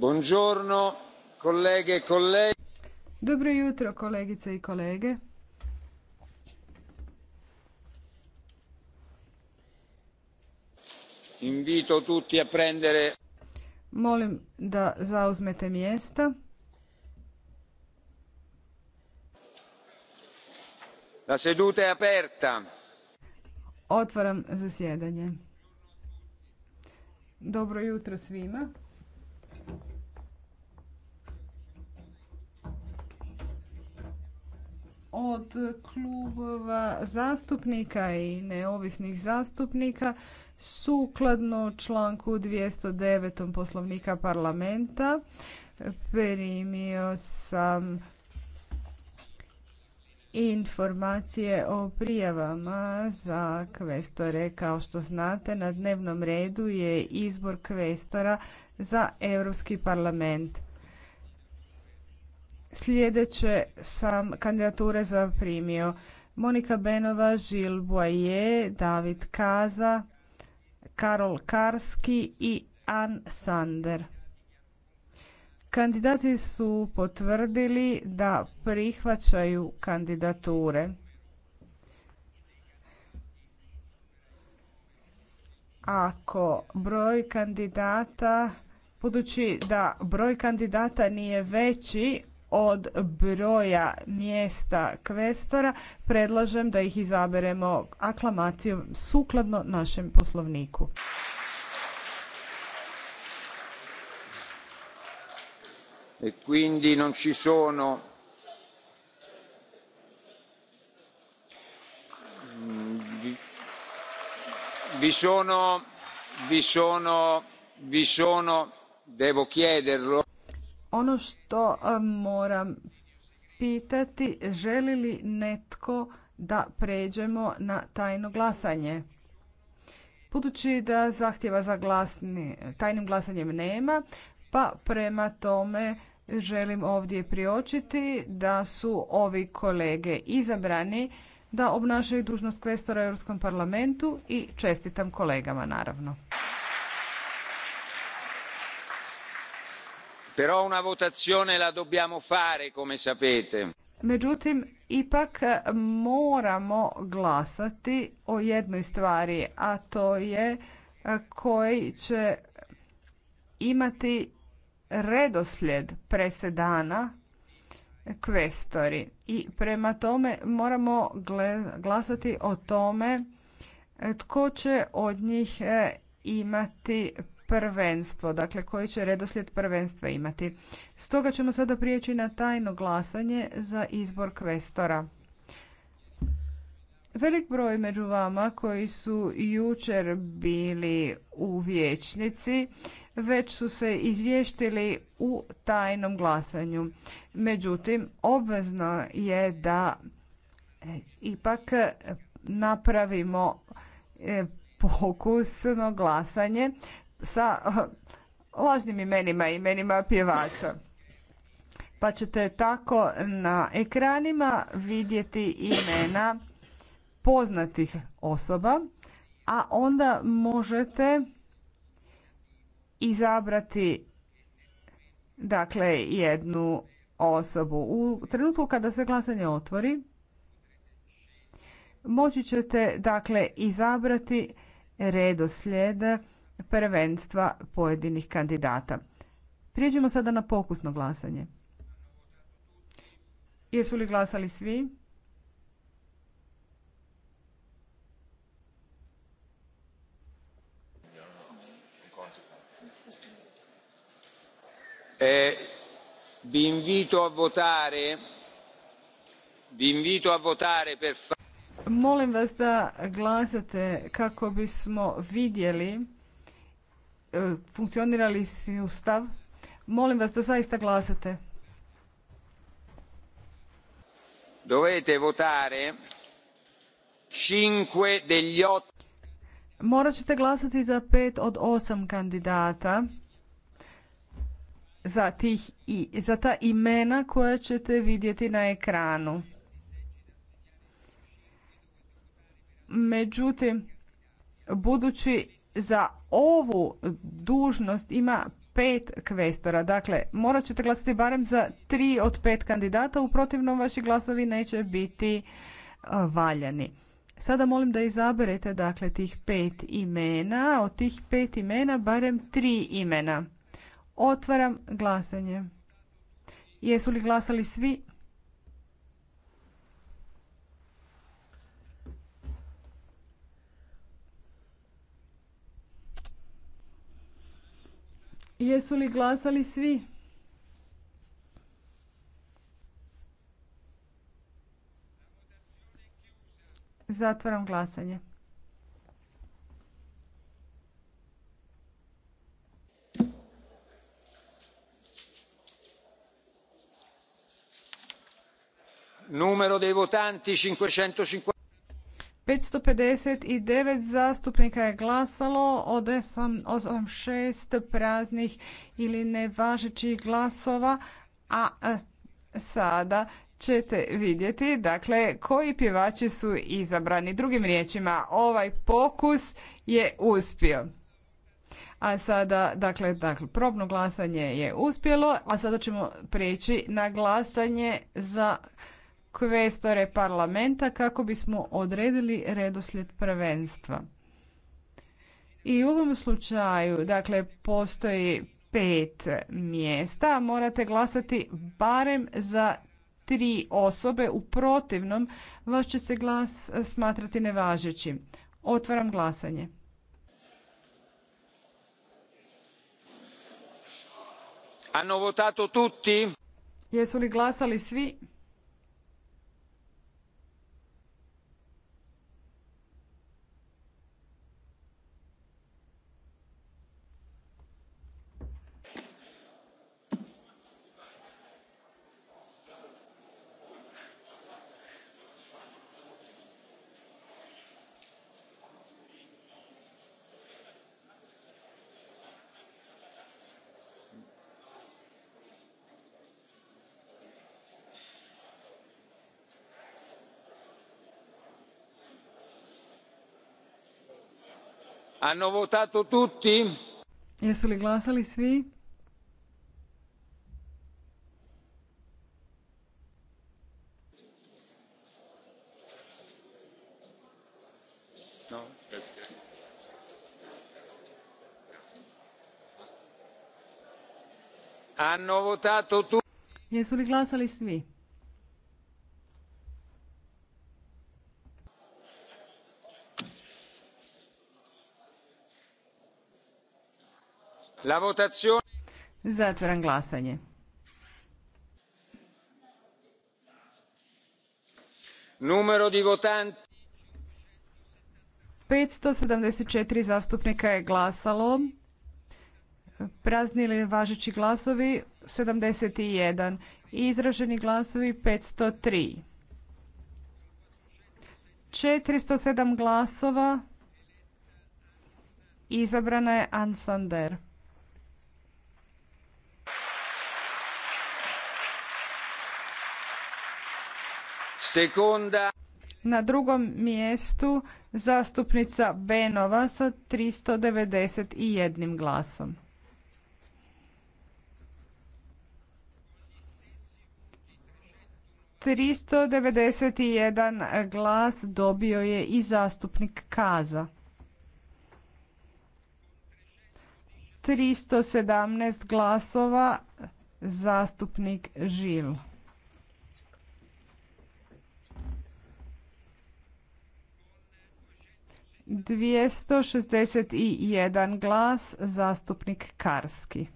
Buongiorno, kolege e kolege. Dobro jutro, kolegice i kolege. Invito tutti a prendere... Molim da zauzmete mjesta. La seduta è aperta. Otvaram zasjedanje. Dobro jutro svima. od klubova zastupnika i neovisnih zastupnika sukladno članku 209. Poslovnika parlamenta primio sam informacije o prijavama za kvestore. Kao što znate, na dnevnom redu je izbor kvestora za Europski parlament. Sljedeće sam kandidature zaprimio. Monika Benova, Žil Boje, David Kaza, Karol Karski i Ann Sander. Kandidati su potvrdili da prihvaćaju kandidature. Ako broj kandidata, budući da broj kandidata nije veći od broja mjesta kvestora, predlažem da ih izaberemo aklamacijom sukladno našem poslovniku. E quindi non ci sono mm, vi sono vi sono vi sono devo chiederlo ono što e, moram pitati, želi li netko da pređemo na tajno glasanje? Budući da zahtjeva za tajnim glasanjem nema, pa prema tome želim ovdje priočiti da su ovi kolege izabrani da obnašaju dužnost kvestora u Europskom parlamentu i čestitam kolegama naravno. Però una votazione la dobbiamo fare, come sapete. Međutim, ipak e, moramo glasati o jednoj stvari, a to je e, koji će imati redoslijed presedana kvestori i prema tome moramo glasati o tome e, tko će od njih imati prvenstvo, dakle koji će redoslijed prvenstva imati. Stoga ćemo sada prijeći na tajno glasanje za izbor kvestora. Velik broj među vama koji su jučer bili u vijećnici već su se izvještili u tajnom glasanju. Međutim, obvezno je da e, ipak napravimo e, pokusno glasanje sa lažnim imenima, imenima pjevača. Pa ćete tako na ekranima vidjeti imena poznatih osoba, a onda možete izabrati dakle jednu osobu. U trenutku kada se glasanje otvori, moći ćete dakle izabrati redoslijede prvenstva pojedinih kandidata. Prijeđimo sada na pokusno glasanje. Jesu li glasali svi? E, a votare. Molim vas da glasate kako bismo vidjeli E, funkcionira li sustav. Molim vas da zaista glasate. Dovete votare 5 degli 8 Morat ćete glasati za 5 od 8 kandidata za, tih i, za ta imena koja ćete vidjeti na ekranu. Međutim, budući za ovu dužnost ima pet kvestora. Dakle, morat ćete glasati barem za tri od pet kandidata, u protivnom vaši glasovi neće biti valjani. Sada molim da izaberete dakle tih pet imena, od tih pet imena barem tri imena. Otvaram glasanje. Jesu li glasali svi? Jesu li glasali svi? Zatvaram glasanje. Numero dei votanti 550. 559 zastupnika je glasalo, od 86 praznih ili nevažećih glasova, a sada ćete vidjeti dakle koji pjevači su izabrani. Drugim riječima, ovaj pokus je uspio. A sada, dakle, dakle, probno glasanje je uspjelo, a sada ćemo prijeći na glasanje za kvestore parlamenta kako bismo odredili redoslijed prvenstva. I u ovom slučaju, dakle, postoji pet mjesta, morate glasati barem za tri osobe, u protivnom vas će se glas smatrati nevažećim. Otvaram glasanje. Hanno votato Jesu li glasali svi? Hanno votato tutti? Jesu li glasali svi? Hanno votato tutti? Jesu li glasali svi? La Zatvaram glasanje. Numero di votanti. 574 zastupnika je glasalo. Prazni ili važeći glasovi 71. Izraženi glasovi 503. 407 glasova izabrana je Ansander. sekunda Na drugom mjestu zastupnica Benova sa 391 glasom. Tristo glas dobio je i zastupnik Kaza. 317 glasova zastupnik Žil. 261 glas zastupnik Karski.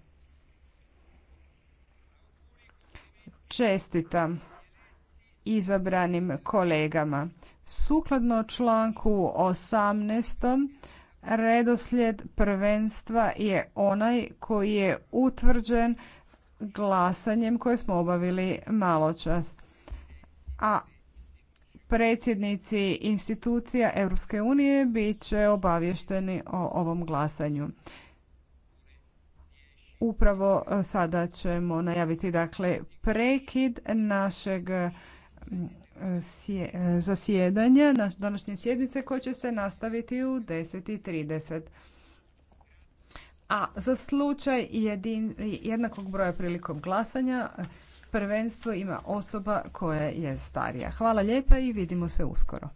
Čestitam izabranim kolegama. Sukladno članku 18. redoslijed prvenstva je onaj koji je utvrđen glasanjem koje smo obavili maločas. A predsjednici institucija Europske unije bit će obavješteni o ovom glasanju. Upravo e, sada ćemo najaviti dakle prekid našeg e, zasjedanja, naš današnje sjednice koje će se nastaviti u 10.30. A za slučaj jednakog broja prilikom glasanja prvenstvo ima osoba koja je starija. Hvala lijepa i vidimo se uskoro.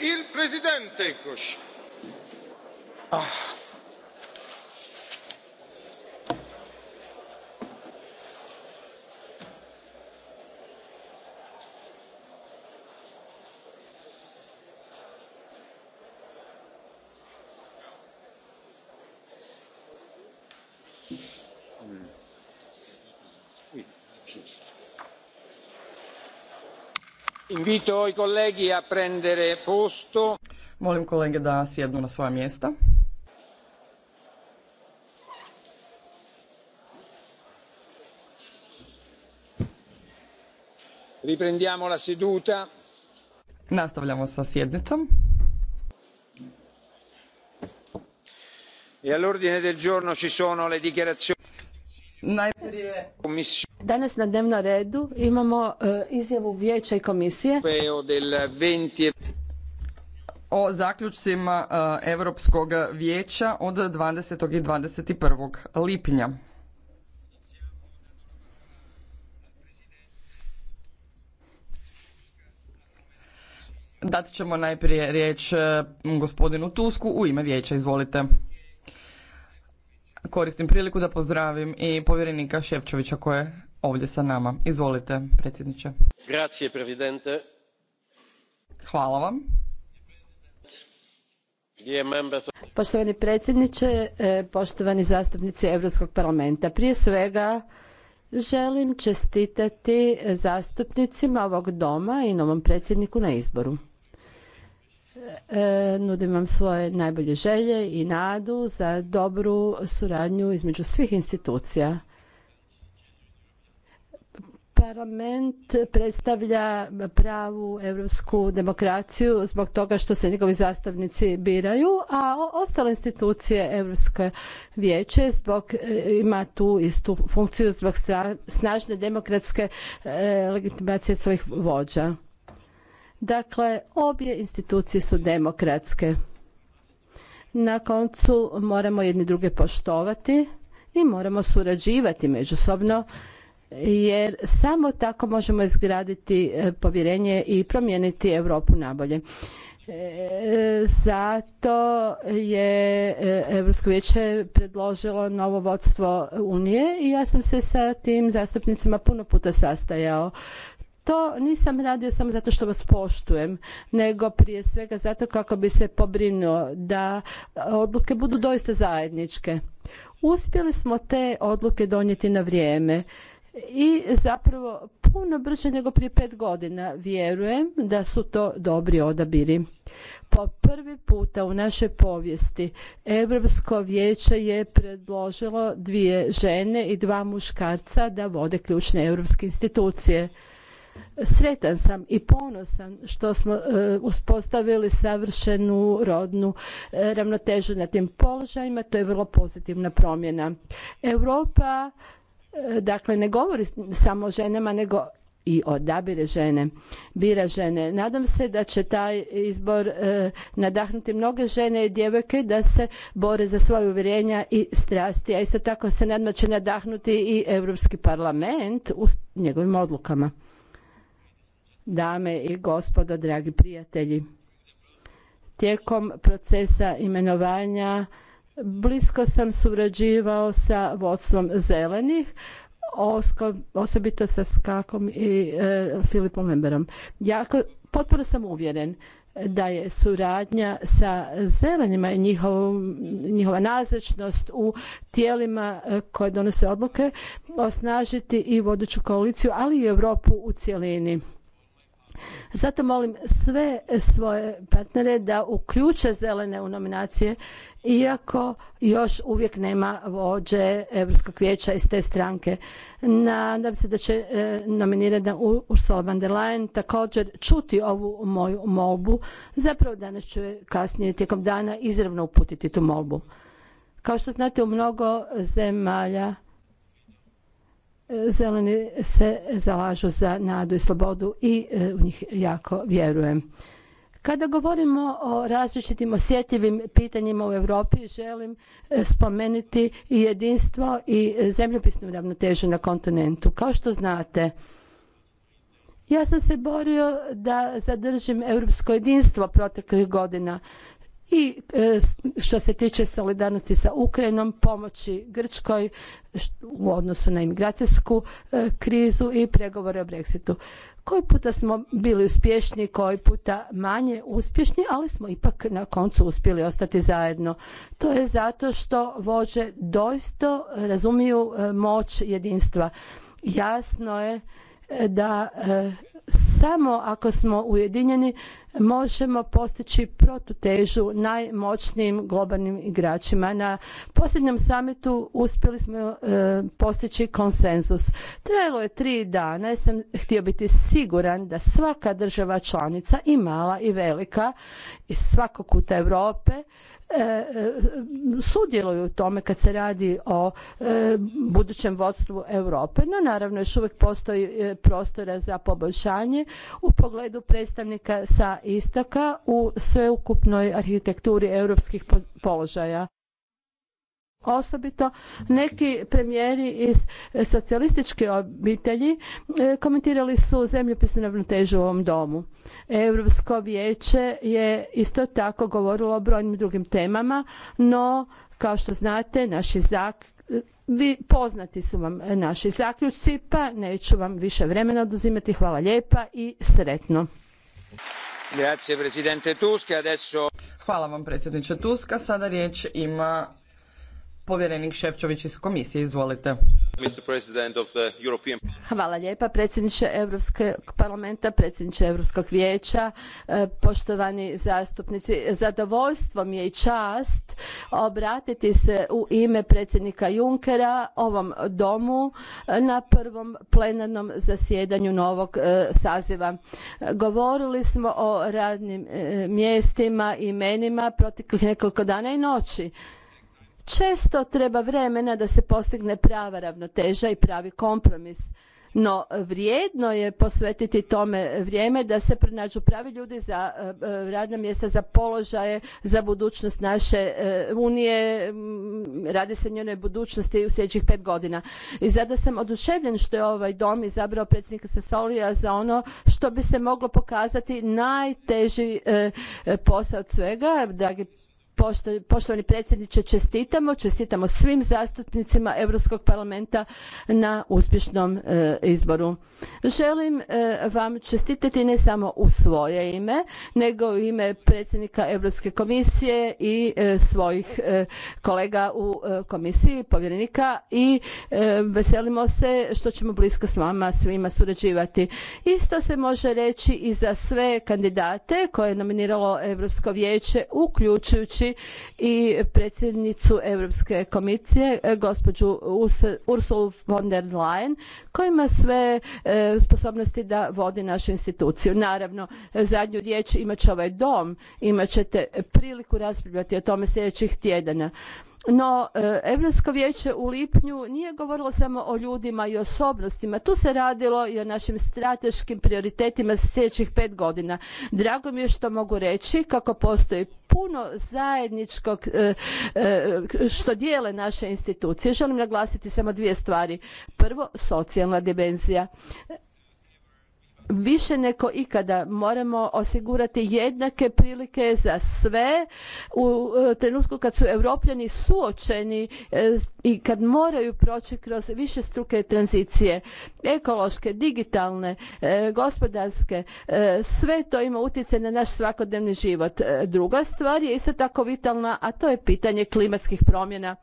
il presidente. Invito i colleghi a prendere posto. Molim kolege da sjednu na svoja mjesta. Riprendiamo la seduta. Nastavljamo sa sjednicom. E all'ordine del giorno ci sono le dichiarazioni. Najprije Danas na dnevnom redu imamo e, izjavu Vijeća i komisije o zaključcima e, Europskog vijeća od 20. i 21. lipnja. Dat ćemo najprije riječ e, gospodinu Tusku u ime vijeća. Izvolite. Koristim priliku da pozdravim i povjerenika Ševčovića koje ovdje sa nama. Izvolite, predsjedniče. Grazie, Hvala vam. Poštovani predsjedniče, e, poštovani zastupnici Europskog parlamenta, prije svega želim čestitati zastupnicima ovog doma i novom predsjedniku na izboru. E, nudim vam svoje najbolje želje i nadu za dobru suradnju između svih institucija Parlament predstavlja pravu europsku demokraciju zbog toga što se njegovi zastavnici biraju, a ostale institucije Europske vijeće zbog, e, ima tu istu funkciju zbog snažne demokratske e, legitimacije svojih vođa. Dakle, obje institucije su demokratske. Na koncu moramo jedni druge poštovati i moramo surađivati međusobno jer samo tako možemo izgraditi e, povjerenje i promijeniti Europu nabolje. E, zato je e, Europsko vijeće predložilo novo vodstvo Unije i ja sam se sa tim zastupnicima puno puta sastajao. To nisam radio samo zato što vas poštujem, nego prije svega zato kako bi se pobrinuo da odluke budu doista zajedničke. Uspjeli smo te odluke donijeti na vrijeme i zapravo puno brže nego prije pet godina. Vjerujem da su to dobri odabiri. Po prvi puta u našoj povijesti Europsko vijeće je predložilo dvije žene i dva muškarca da vode ključne europske institucije. Sretan sam i ponosan što smo e, uspostavili savršenu rodnu e, ravnotežu na tim položajima, to je vrlo pozitivna promjena. Europa dakle ne govori samo o ženama nego i odabire žene, bira žene. Nadam se da će taj izbor e, nadahnuti mnoge žene i djevojke da se bore za svoje uvjerenja i strasti, a isto tako se nadam će nadahnuti i Europski parlament u njegovim odlukama. Dame i gospodo, dragi prijatelji, tijekom procesa imenovanja Blisko sam surađivao sa vodstvom zelenih, osobito sa Skakom i e, Filipom Lemberom. Jako, potpuno sam uvjeren da je suradnja sa zelenima i njihova nazočnost u tijelima e, koje donose odluke osnažiti i voduću koaliciju, ali i Europu u cjelini. Zato molim sve svoje partnere da uključe zelene u nominacije iako još uvijek nema vođe Europskog vijeća iz te stranke. Nadam se da će e, nominirana Ursula von der Leyen također čuti ovu moju molbu. Zapravo danas ću je kasnije tijekom dana izravno uputiti tu molbu. Kao što znate u mnogo zemalja e, zeleni se zalažu za nadu i slobodu i e, u njih jako vjerujem. Kada govorimo o različitim osjetljivim pitanjima u Europi, želim e, spomenuti i jedinstvo i e, zemljopisnu ravnotežu na kontinentu. Kao što znate, ja sam se borio da zadržim europsko jedinstvo proteklih godina i e, što se tiče solidarnosti sa Ukrajinom, pomoći Grčkoj u odnosu na imigracijsku e, krizu i pregovore o Brexitu. Koji puta smo bili uspješni, koji puta manje uspješni, ali smo ipak na koncu uspjeli ostati zajedno. To je zato što vođe doista razumiju e, moć jedinstva. Jasno je da samo ako smo ujedinjeni možemo postići protutežu najmoćnijim globalnim igračima. Na posljednjem samitu uspjeli smo e, postići konsenzus. Trajalo je tri dana jer sam htio biti siguran da svaka država članica i mala i velika iz svakog kuta Europe E, e, sudjeluju u tome kad se radi o e, budućem vodstvu Europe. No naravno još uvijek postoji prostora za poboljšanje u pogledu predstavnika sa istaka u sveukupnoj arhitekturi europskih položaja osobito neki premijeri iz socijalističke obitelji e, komentirali su zemljopisnu ravnotežu u ovom domu. Europsko vijeće je isto tako govorilo o brojnim drugim temama, no kao što znate naši zak vi poznati su vam naši zaključci, pa neću vam više vremena oduzimati. Hvala lijepa i sretno. Grazie, Hvala vam predsjedniče Tuska. Sada riječ ima Povjerenik Šefčović iz komisije, izvolite. Hvala lijepa predsjedniče Europskog parlamenta, predsjedniče Europskog vijeća, e, poštovani zastupnici. Zadovoljstvo mi je i čast obratiti se u ime predsjednika Junckera ovom domu e, na prvom plenarnom zasjedanju novog e, saziva. Govorili smo o radnim mjestima, i imenima proteklih nekoliko dana i noći. Često treba vremena da se postigne prava ravnoteža i pravi kompromis. No, vrijedno je posvetiti tome vrijeme da se pronađu pravi ljudi za e, e, radna mjesta, za položaje, za budućnost naše e, unije. Mm, radi se o njenoj budućnosti u sljedećih pet godina. I zato sam oduševljen što je ovaj dom izabrao predsjednika Sasolija za ono što bi se moglo pokazati najteži posao od svega. Dragi poštovani predsjedniče čestitamo čestitamo svim zastupnicima europskog parlamenta na uspješnom e, izboru želim e, vam čestitati ne samo u svoje ime nego u ime predsjednika europske komisije i e, svojih kolega u komisiji povjerenika i veselimo se što ćemo blisko s vama svima surađivati isto se može reći i za sve kandidate koje je nominiralo europsko vijeće uključujući i predsjednicu Europske komisije, e, gospođu Ursulu von der Leyen, koja ima sve e, sposobnosti da vodi našu instituciju. Naravno, zadnju riječ imat će ovaj dom, imat ćete priliku raspravljati o tome sljedećih tjedana. No, Europsko vijeće u lipnju nije govorilo samo o ljudima i osobnostima. Tu se radilo i o našim strateškim prioritetima sljedećih pet godina. Drago mi je što mogu reći kako postoji puno zajedničkog e, e, što dijele naše institucije. Želim naglasiti samo dvije stvari. Prvo, socijalna dimenzija više nego ikada moramo osigurati jednake prilike za sve u e, trenutku kad su europljani suočeni e, i kad moraju proći kroz više struke tranzicije ekološke, digitalne, e, gospodarske, sve to ima utjecaj na naš svakodnevni život. Druga stvar je isto tako vitalna, a to je pitanje klimatskih promjena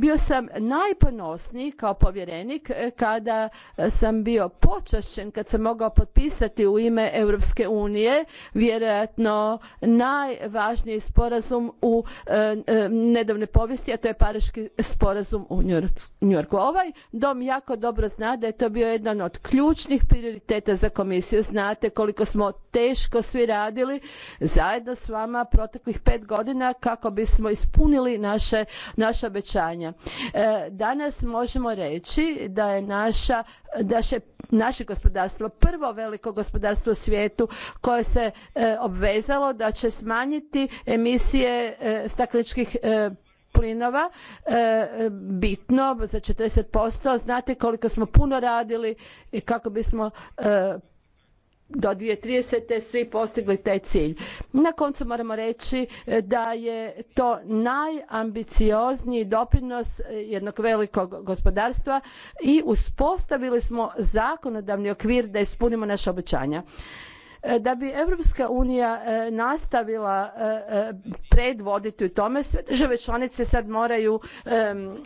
bio sam najponosniji kao povjerenik e, kada e, sam bio počašćen, kad sam mogao potpisati u ime Europske unije vjerojatno najvažniji sporazum u e, nedavnoj povijesti, a to je Pariški sporazum u Njorku. Ovaj dom jako dobro zna da je to bio jedan od ključnih prioriteta za komisiju. Znate koliko smo teško svi radili zajedno s vama proteklih pet godina kako bismo ispunili naše, naša čanja. E, danas možemo reći da je naša, da naše gospodarstvo prvo veliko gospodarstvo u svijetu koje se e, obvezalo da će smanjiti emisije e, stakleničkih plinova bitno za 40%. Znate koliko smo puno radili kako bismo do 2030. svi postigli taj cilj. Na koncu moramo reći eh, da je to najambiciozniji doprinos eh, jednog velikog gospodarstva i uspostavili smo zakonodavni okvir da ispunimo naša obećanja. E, da bi Europska unija e, nastavila e, predvoditi u tome, sve države članice sad moraju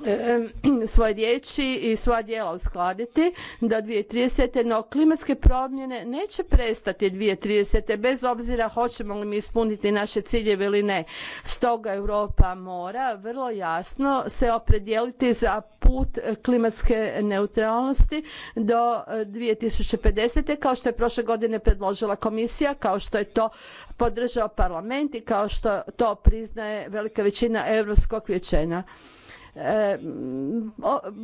svoje riječi i svoja djela uskladiti do 2030. No klimatske promjene neće prestati 2030. bez obzira hoćemo li mi ispuniti naše ciljeve ili ne. Stoga Europa mora vrlo jasno se opredijeliti za put klimatske neutralnosti do 2050. kao što je prošle godine predložila komisija kao što je to podržao parlament i kao što to priznaje velika većina europskog vijeća. E,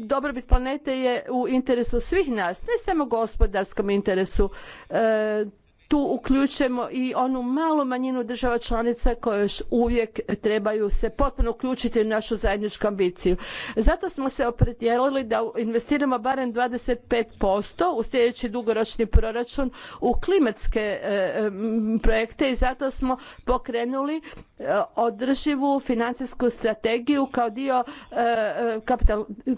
dobrobit planete je u interesu svih nas ne samo gospodarskom interesu e, tu uključujemo i onu malu manjinu država članica koje još uvijek trebaju se potpuno uključiti u našu zajedničku ambiciju. Zato smo se opredijelili da investiramo barem 25% u sljedeći dugoročni proračun u klimatske e, projekte i zato smo pokrenuli e, održivu financijsku strategiju kao dio e,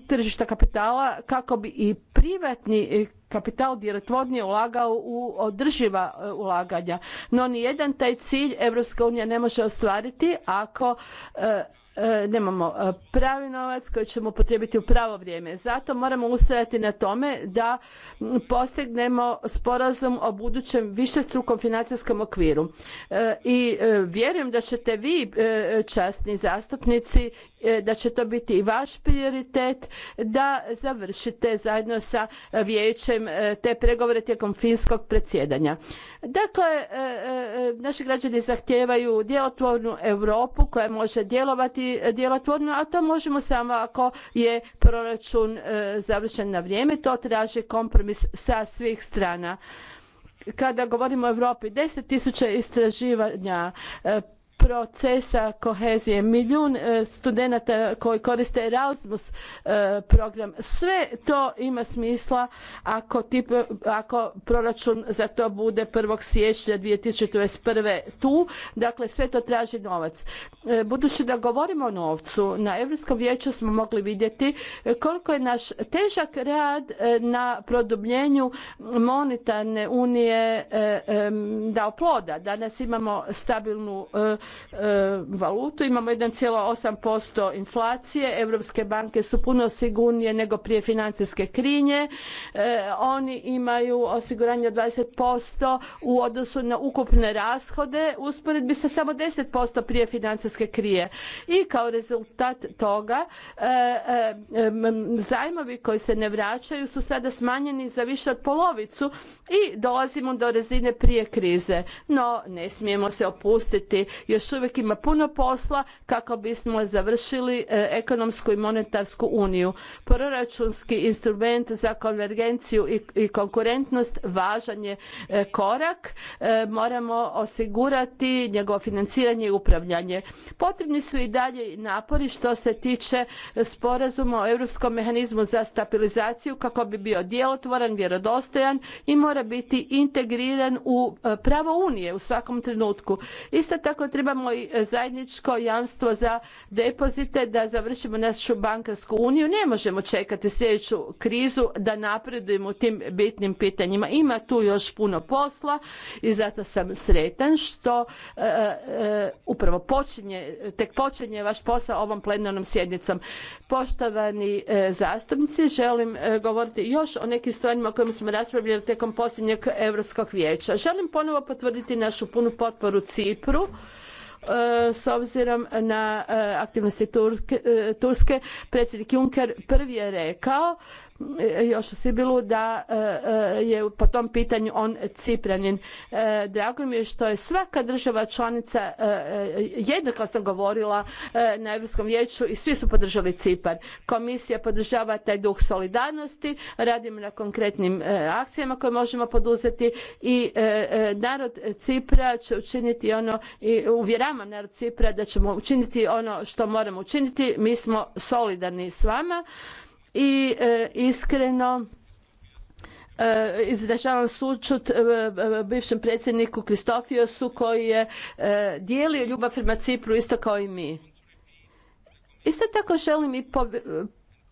tržišta kapitala kako bi i privatni kapital djelotvornije ulagao u održiva e, ulaganja. No nijedan taj cilj Europska unija ne može ostvariti ako e, E, nemamo e, pravi novac koji ćemo potrebiti u pravo vrijeme. Zato moramo ustrajati na tome da postignemo sporazum o budućem višestrukom financijskom okviru. E, I vjerujem da ćete vi, časni zastupnici, da će to biti i vaš prioritet da završite zajedno sa vijećem te pregovore tijekom finskog predsjedanja. Dakle, naši građani zahtijevaju djelotvornu Europu koja može djelovati djelotvorno, a to možemo samo ako je proračun e, završen na vrijeme. To traži kompromis sa svih strana kada govorimo o Europi, 10.000 istraživanja, e, procesa kohezije, milijun e, studenata koji koriste Erasmus e, program, sve to ima smisla ako, proračun za to bude 1. siječnja 2021. tu, dakle sve to traži novac. E, budući da govorimo o novcu, na Europskom vijeću smo mogli vidjeti koliko je naš težak rad na produbljenju monetarne unije dao ploda. Danas imamo stabilnu E, valutu, imamo 1,8% inflacije, europske banke su puno sigurnije nego prije financijske krinje, e, oni imaju osiguranje od 20% u odnosu na ukupne rashode, usporedbi sa samo 10% prije financijske krije. I kao rezultat toga e, zajmovi koji se ne vraćaju su sada smanjeni za više od polovicu i dolazimo do razine prije krize. No, ne smijemo se opustiti još uvijek ima puno posla kako bismo završili e, ekonomsku i monetarsku uniju. Proračunski instrument za konvergenciju i konkurentnost važan je e, korak. E, moramo osigurati njegovo financiranje i upravljanje. Potrebni su i dalje napori što se tiče sporazuma o europskom mehanizmu za stabilizaciju kako bi bio djelotvoran, vjerodostojan i mora biti integriran u pravo unije u svakom trenutku. Isto tako Imamo i e, zajedničko jamstvo za depozite da završimo našu bankarsku uniju. Ne možemo čekati sljedeću krizu da napredujemo u tim bitnim pitanjima. Ima tu još puno posla i zato sam sretan što e, e, upravo počinje, tek počinje vaš posao ovom plenarnom sjednicom. Poštovani zastupnici, želim govoriti još o nekim stvarima o kojima smo raspravljali tijekom posljednjeg Europskog vijeća. Želim ponovo potvrditi našu punu potporu Cipru s obzirom na e, aktivnosti e, Turske, predsjednik Juncker prvi je rekao još u Sibilu da e, e, je po tom pitanju on Cipranin. E, drago mi je što je svaka država članica jednoglasno govorila na Europskom vijeću i svi su podržali Cipar. Komisija podržava taj duh solidarnosti, radimo na konkretnim akcijama koje možemo poduzeti i narod Cipra će učiniti ono i uvjeravam narod Cipra da ćemo učiniti ono što moramo učiniti. Mi smo solidarni s vama i e, iskreno e, izražavam sučut e, bivšem predsjedniku Kristofiosu koji je dijelio ljubav prema Cipru isto kao i mi. Isto tako želim i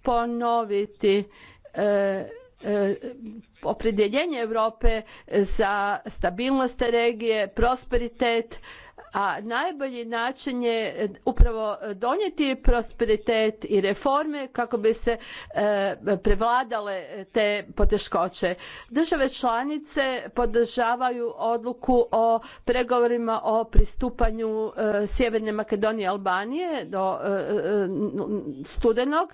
ponoviti opredjeljenje Europe za stabilnost regije, prosperitet, a najbolji način je e, upravo e, donijeti prosperitet i reforme kako bi se e, prevladale te poteškoće. Države članice podržavaju odluku o pregovorima o pristupanju Sjeverne Makedonije i Albanije do studenog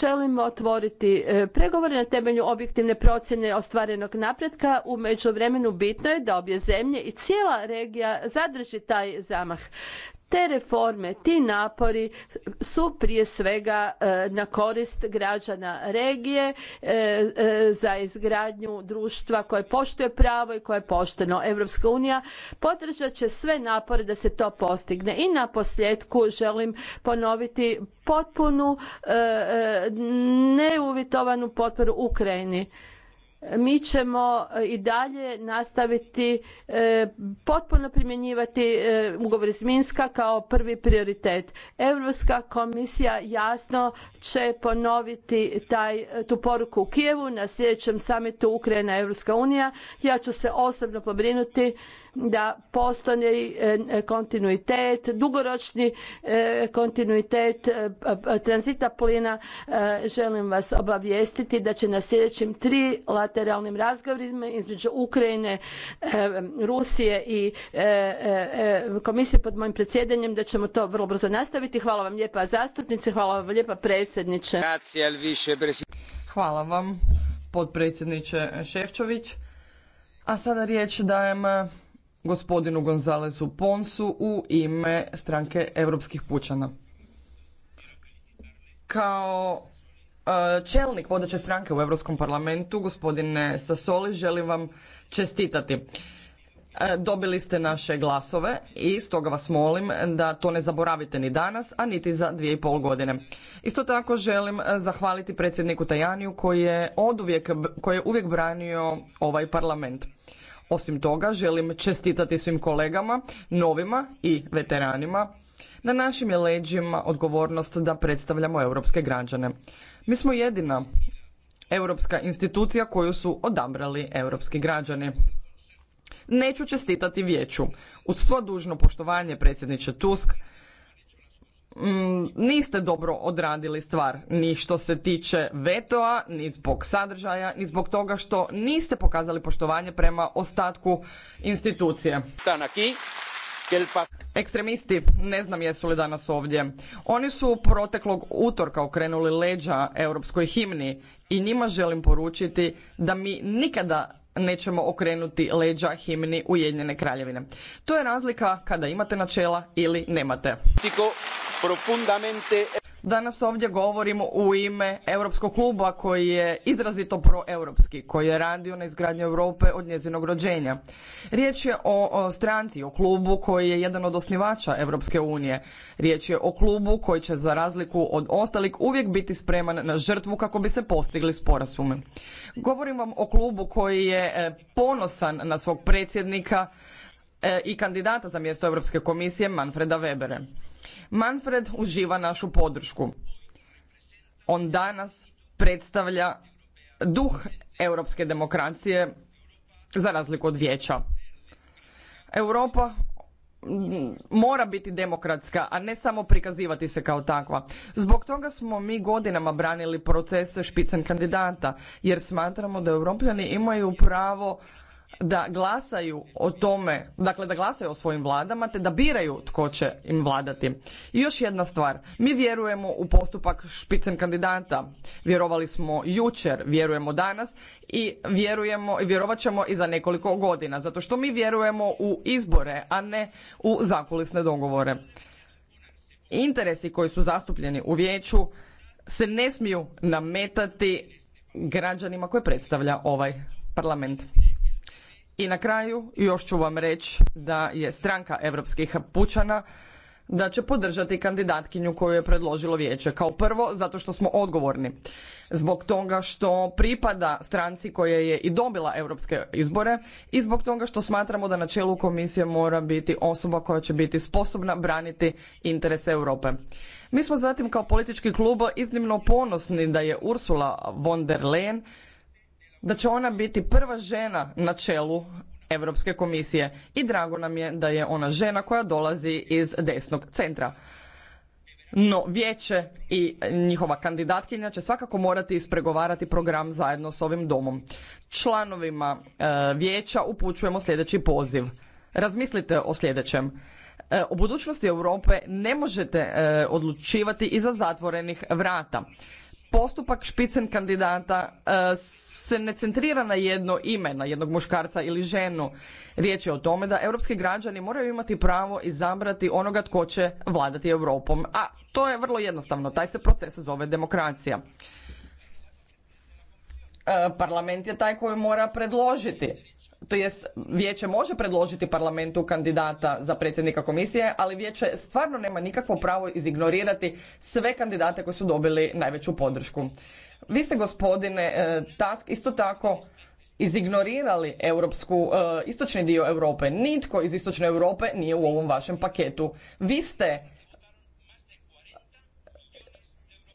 želimo otvoriti e, pregovore na temelju objektivne procjene ostvarenog napretka. U međuvremenu bitno je da obje zemlje i cijela regija zadrži taj zamah. Te reforme, ti napori su prije svega e, na korist građana regije e, e, za izgradnju društva koje poštuje pravo i koje je pošteno. Europska unija podržat će sve napore da se to postigne. I na posljedku želim ponoviti potpunu neuvjetovanu potporu Ukrajini mi ćemo e, i dalje nastaviti e, potpuno primjenjivati e, ugovor iz Minska kao prvi prioritet. Europska komisija jasno će ponoviti taj, tu poruku u Kijevu na sljedećem samitu Ukrajina Europska unija. Ja ću se osobno pobrinuti da postoji e, e, kontinuitet, dugoročni e, kontinuitet tranzita plina. Želim vas obavijestiti da će na sljedećim tri lateralnim razgovorima između Ukrajine, Rusije i komisije pod mojim predsjedanjem da ćemo to vrlo brzo nastaviti. Hvala vam lijepa zastupnice, hvala vam lijepa predsjedniče. Hvala vam potpredsjedniče Ševčović. A sada riječ dajem gospodinu Gonzalezu Ponsu u ime stranke Europskih pučana. Kao e, čelnik vodeće stranke u Europskom parlamentu, gospodine Sasoli, želim vam čestitati. E, dobili ste naše glasove i stoga vas molim da to ne zaboravite ni danas, a niti za dvije i pol godine. Isto tako želim e, zahvaliti predsjedniku Tajaniju koji je, oduvijek, koji je uvijek branio ovaj parlament. Osim toga, želim čestitati svim kolegama, novima i veteranima. Na našim je leđima odgovornost da predstavljamo europske građane. Mi smo jedina europska institucija koju su odabrali europski građani. Neću čestitati vijeću. Uz svo dužno poštovanje predsjedniče Tusk, Mm, niste dobro odradili stvar ni što se tiče vetoa, ni zbog sadržaja, ni zbog toga što niste pokazali poštovanje prema ostatku institucije. Ekstremisti, ne znam jesu li danas ovdje. Oni su proteklog utorka okrenuli leđa europskoj himni i njima želim poručiti da mi nikada nećemo okrenuti leđa himni Ujedinjene kraljevine. To je razlika kada imate načela ili nemate. Danas ovdje govorimo u ime Europskog kluba koji je izrazito proeuropski, koji je radio na izgradnju Europe od njezinog rođenja. Riječ je o stranci, o klubu koji je jedan od osnivača Europske unije. Riječ je o klubu koji će za razliku od ostalih uvijek biti spreman na žrtvu kako bi se postigli sporazumi. Govorim vam o klubu koji je e, ponosan na svog predsjednika e, i kandidata za mjesto Europske komisije Manfreda Webere. Manfred uživa našu podršku. On danas predstavlja duh europske demokracije za razliku od vijeća. Europa mora biti demokratska, a ne samo prikazivati se kao takva. Zbog toga smo mi godinama branili procese špicen kandidata, jer smatramo da europljani imaju pravo da glasaju o tome, dakle da glasaju o svojim vladama te da biraju tko će im vladati. I još jedna stvar, mi vjerujemo u postupak špicen kandidata. Vjerovali smo jučer, vjerujemo danas i vjerujemo i vjerovat ćemo i za nekoliko godina, zato što mi vjerujemo u izbore, a ne u zakulisne dogovore. Interesi koji su zastupljeni u vijeću se ne smiju nametati građanima koje predstavlja ovaj parlament. I na kraju još ću vam reći da je stranka europskih pučana da će podržati kandidatkinju koju je predložilo vijeće. Kao prvo, zato što smo odgovorni. Zbog toga što pripada stranci koja je i dobila europske izbore i zbog toga što smatramo da na čelu komisije mora biti osoba koja će biti sposobna braniti interese Europe. Mi smo zatim kao politički klub iznimno ponosni da je Ursula von der Leyen da će ona biti prva žena na čelu Europske komisije i drago nam je da je ona žena koja dolazi iz desnog centra. No, vijeće i njihova kandidatkinja će svakako morati ispregovarati program zajedno s ovim domom. Članovima e, vijeća upućujemo sljedeći poziv. Razmislite o sljedećem. E, o budućnosti Europe ne možete e, odlučivati iza zatvorenih vrata postupak špicen kandidata e, se ne centrira na jedno ime, na jednog muškarca ili ženu. Riječ je o tome da europski građani moraju imati pravo izabrati onoga tko će vladati Europom. A to je vrlo jednostavno, taj se proces zove demokracija. E, parlament je taj koji mora predložiti to jest vijeće može predložiti parlamentu kandidata za predsjednika komisije, ali vijeće stvarno nema nikakvo pravo izignorirati sve kandidate koji su dobili najveću podršku. Vi ste gospodine e, Task isto tako izignorirali europsku e, istočni dio Europe. Nitko iz istočne Europe nije u ovom vašem paketu. Vi ste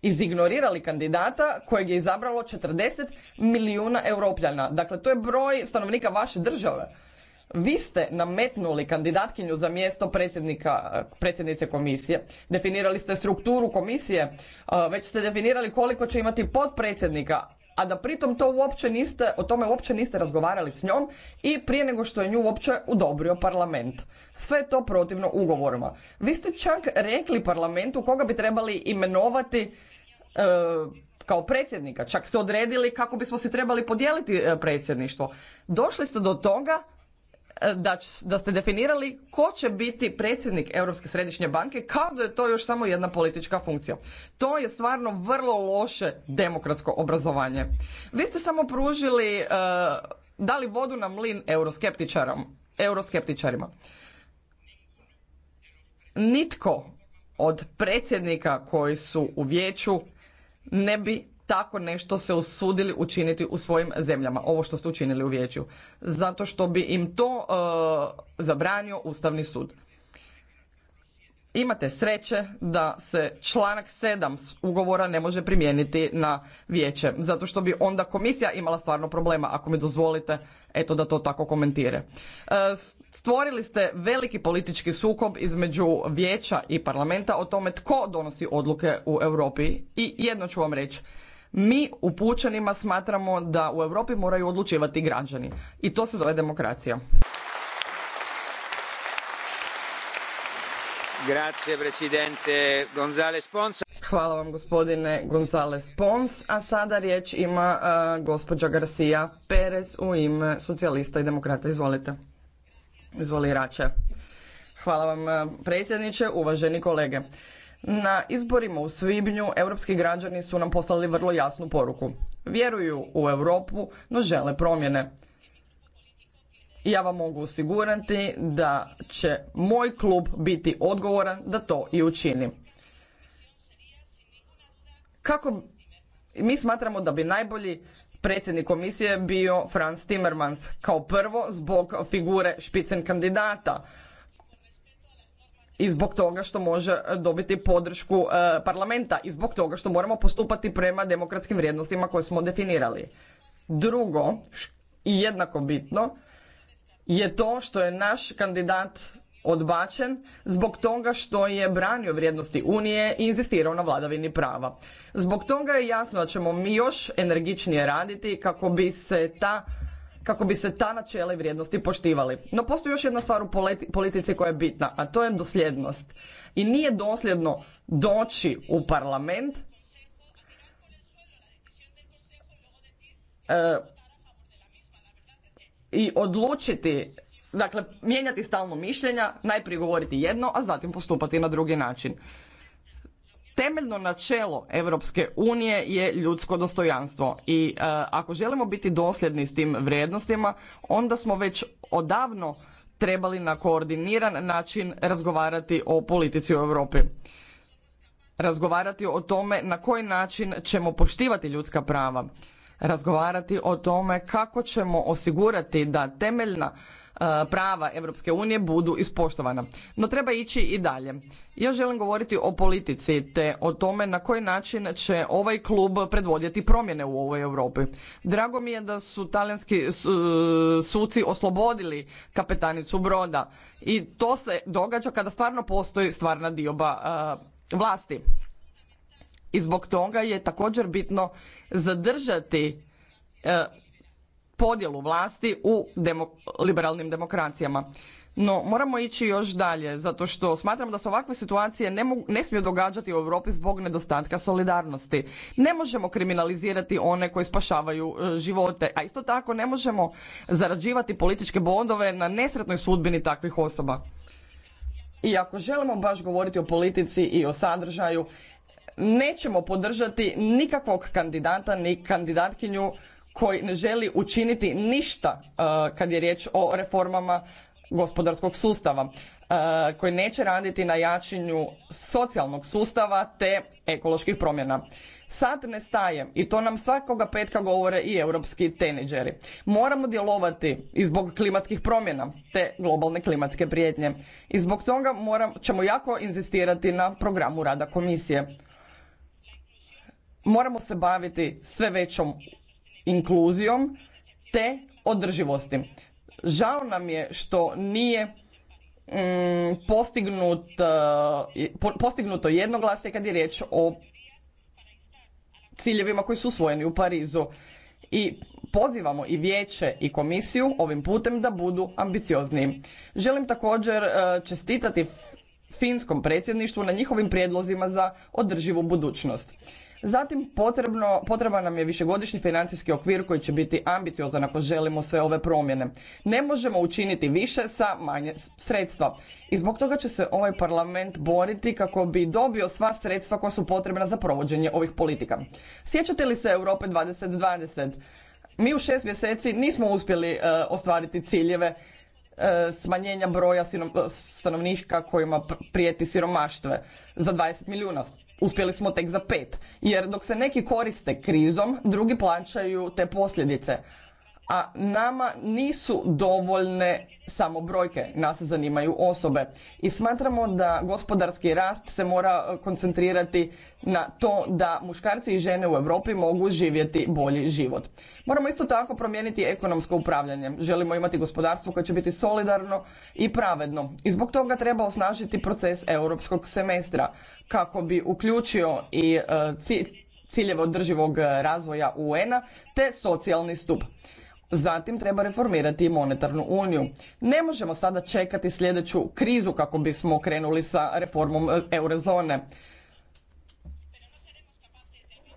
izignorirali kandidata kojeg je izabralo 40 milijuna europljana. Dakle, to je broj stanovnika vaše države. Vi ste nametnuli kandidatkinju za mjesto predsjednika, predsjednice komisije. Definirali ste strukturu komisije, već ste definirali koliko će imati potpredsjednika, a da pritom to uopće niste, o tome uopće niste razgovarali s njom i prije nego što je nju uopće udobrio parlament. Sve je to protivno ugovorima. Vi ste čak rekli parlamentu koga bi trebali imenovati E, kao predsjednika, čak ste odredili kako bismo se trebali podijeliti e, predsjedništvo. Došli ste do toga e, da, da ste definirali ko će biti predsjednik Europske središnje banke kao da je to još samo jedna politička funkcija. To je stvarno vrlo loše demokratsko obrazovanje. Vi ste samo pružili, dali vodu na mlin euroskeptičarima. Nitko od predsjednika koji su u vijeću ne bi tako nešto se usudili učiniti u svojim zemljama, ovo što ste učinili u vijeću. Zato što bi im to e, zabranio Ustavni sud imate sreće da se članak 7 ugovora ne može primijeniti na vijeće, zato što bi onda komisija imala stvarno problema, ako mi dozvolite, eto da to tako komentire. E, stvorili ste veliki politički sukob između vijeća i parlamenta o tome tko donosi odluke u Europi i jedno ću vam reći. Mi u pučanima smatramo da u Europi moraju odlučivati građani i to se zove demokracija. Hvala vam gospodine Gonzales Pons, a sada riječ ima uh, gospođa Garcia Perez u ime socijalista i demokrata. Izvolite. Izvoli Rače. Hvala vam uh, predsjedniče, uvaženi kolege. Na izborima u svibnju europski građani su nam poslali vrlo jasnu poruku. Vjeruju u Europu, no žele promjene ja vam mogu osigurati da će moj klub biti odgovoran da to i učini. Kako mi smatramo da bi najbolji predsjednik komisije bio Franz Timmermans kao prvo zbog figure špicen kandidata i zbog toga što može dobiti podršku e, parlamenta i zbog toga što moramo postupati prema demokratskim vrijednostima koje smo definirali. Drugo i jednako bitno je to što je naš kandidat odbačen zbog toga što je branio vrijednosti Unije i inzistirao na vladavini prava. Zbog toga je jasno da ćemo mi još energičnije raditi kako bi se ta kako bi se ta načela i vrijednosti poštivali. No postoji još jedna stvar u politici koja je bitna, a to je dosljednost. I nije dosljedno doći u parlament e, i odlučiti, dakle mijenjati stalno mišljenja, najprije govoriti jedno, a zatim postupati na drugi način. Temeljno načelo Europske unije je ljudsko dostojanstvo i e, ako želimo biti dosljedni s tim vrijednostima, onda smo već odavno trebali na koordiniran način razgovarati o politici u Europi. Razgovarati o tome na koji način ćemo poštivati ljudska prava razgovarati o tome kako ćemo osigurati da temeljna e, prava Europske unije budu ispoštovana. No treba ići i dalje. Ja želim govoriti o politici te o tome na koji način će ovaj klub predvoditi promjene u ovoj Europi. Drago mi je da su talijanski e, suci oslobodili kapetanicu broda i to se događa kada stvarno postoji stvarna dioba e, vlasti i zbog toga je također bitno zadržati e, podjelu vlasti u liberalnim demokracijama. No, moramo ići još dalje, zato što smatram da se ovakve situacije ne, mogu, ne smiju događati u Europi zbog nedostatka solidarnosti. Ne možemo kriminalizirati one koji spašavaju e, živote, a isto tako ne možemo zarađivati političke bondove na nesretnoj sudbini takvih osoba. I ako želimo baš govoriti o politici i o sadržaju, nećemo podržati nikakvog kandidata ni kandidatkinju koji ne želi učiniti ništa uh, kad je riječ o reformama gospodarskog sustava, uh, koji neće raditi na jačinju socijalnog sustava te ekoloških promjena. Sad ne stajem i to nam svakoga petka govore i europski teniđeri. Moramo djelovati i zbog klimatskih promjena te globalne klimatske prijetnje. I zbog toga moram, ćemo jako inzistirati na programu rada komisije moramo se baviti sve većom inkluzijom te održivosti. Žao nam je što nije mm, Postignut, e, postignuto jednoglasje kad je riječ o ciljevima koji su usvojeni u Parizu. I pozivamo i vijeće i komisiju ovim putem da budu ambiciozniji. Želim također e, čestitati finskom predsjedništvu na njihovim prijedlozima za održivu budućnost. Zatim potrebno, potreban nam je višegodišnji financijski okvir koji će biti ambiciozan ako želimo sve ove promjene. Ne možemo učiniti više sa manje sredstva. I zbog toga će se ovaj parlament boriti kako bi dobio sva sredstva koja su potrebna za provođenje ovih politika. Sjećate li se Europe 2020? Mi u šest mjeseci nismo uspjeli e, ostvariti ciljeve e, smanjenja broja e, stanovnika kojima prijeti siromaštve za 20 milijuna uspjeli smo tek za pet jer dok se neki koriste krizom drugi plaćaju te posljedice a nama nisu dovoljne samo brojke, nas zanimaju osobe. I smatramo da gospodarski rast se mora e, koncentrirati na to da muškarci i žene u Europi mogu živjeti bolji život. Moramo isto tako promijeniti ekonomsko upravljanje. Želimo imati gospodarstvo koje će biti solidarno i pravedno. I zbog toga treba osnažiti proces europskog semestra kako bi uključio i e, cilj ciljeve održivog e, razvoja UN-a te socijalni stup. Zatim treba reformirati i monetarnu uniju. Ne možemo sada čekati sljedeću krizu kako bismo krenuli sa reformom e, eurozone.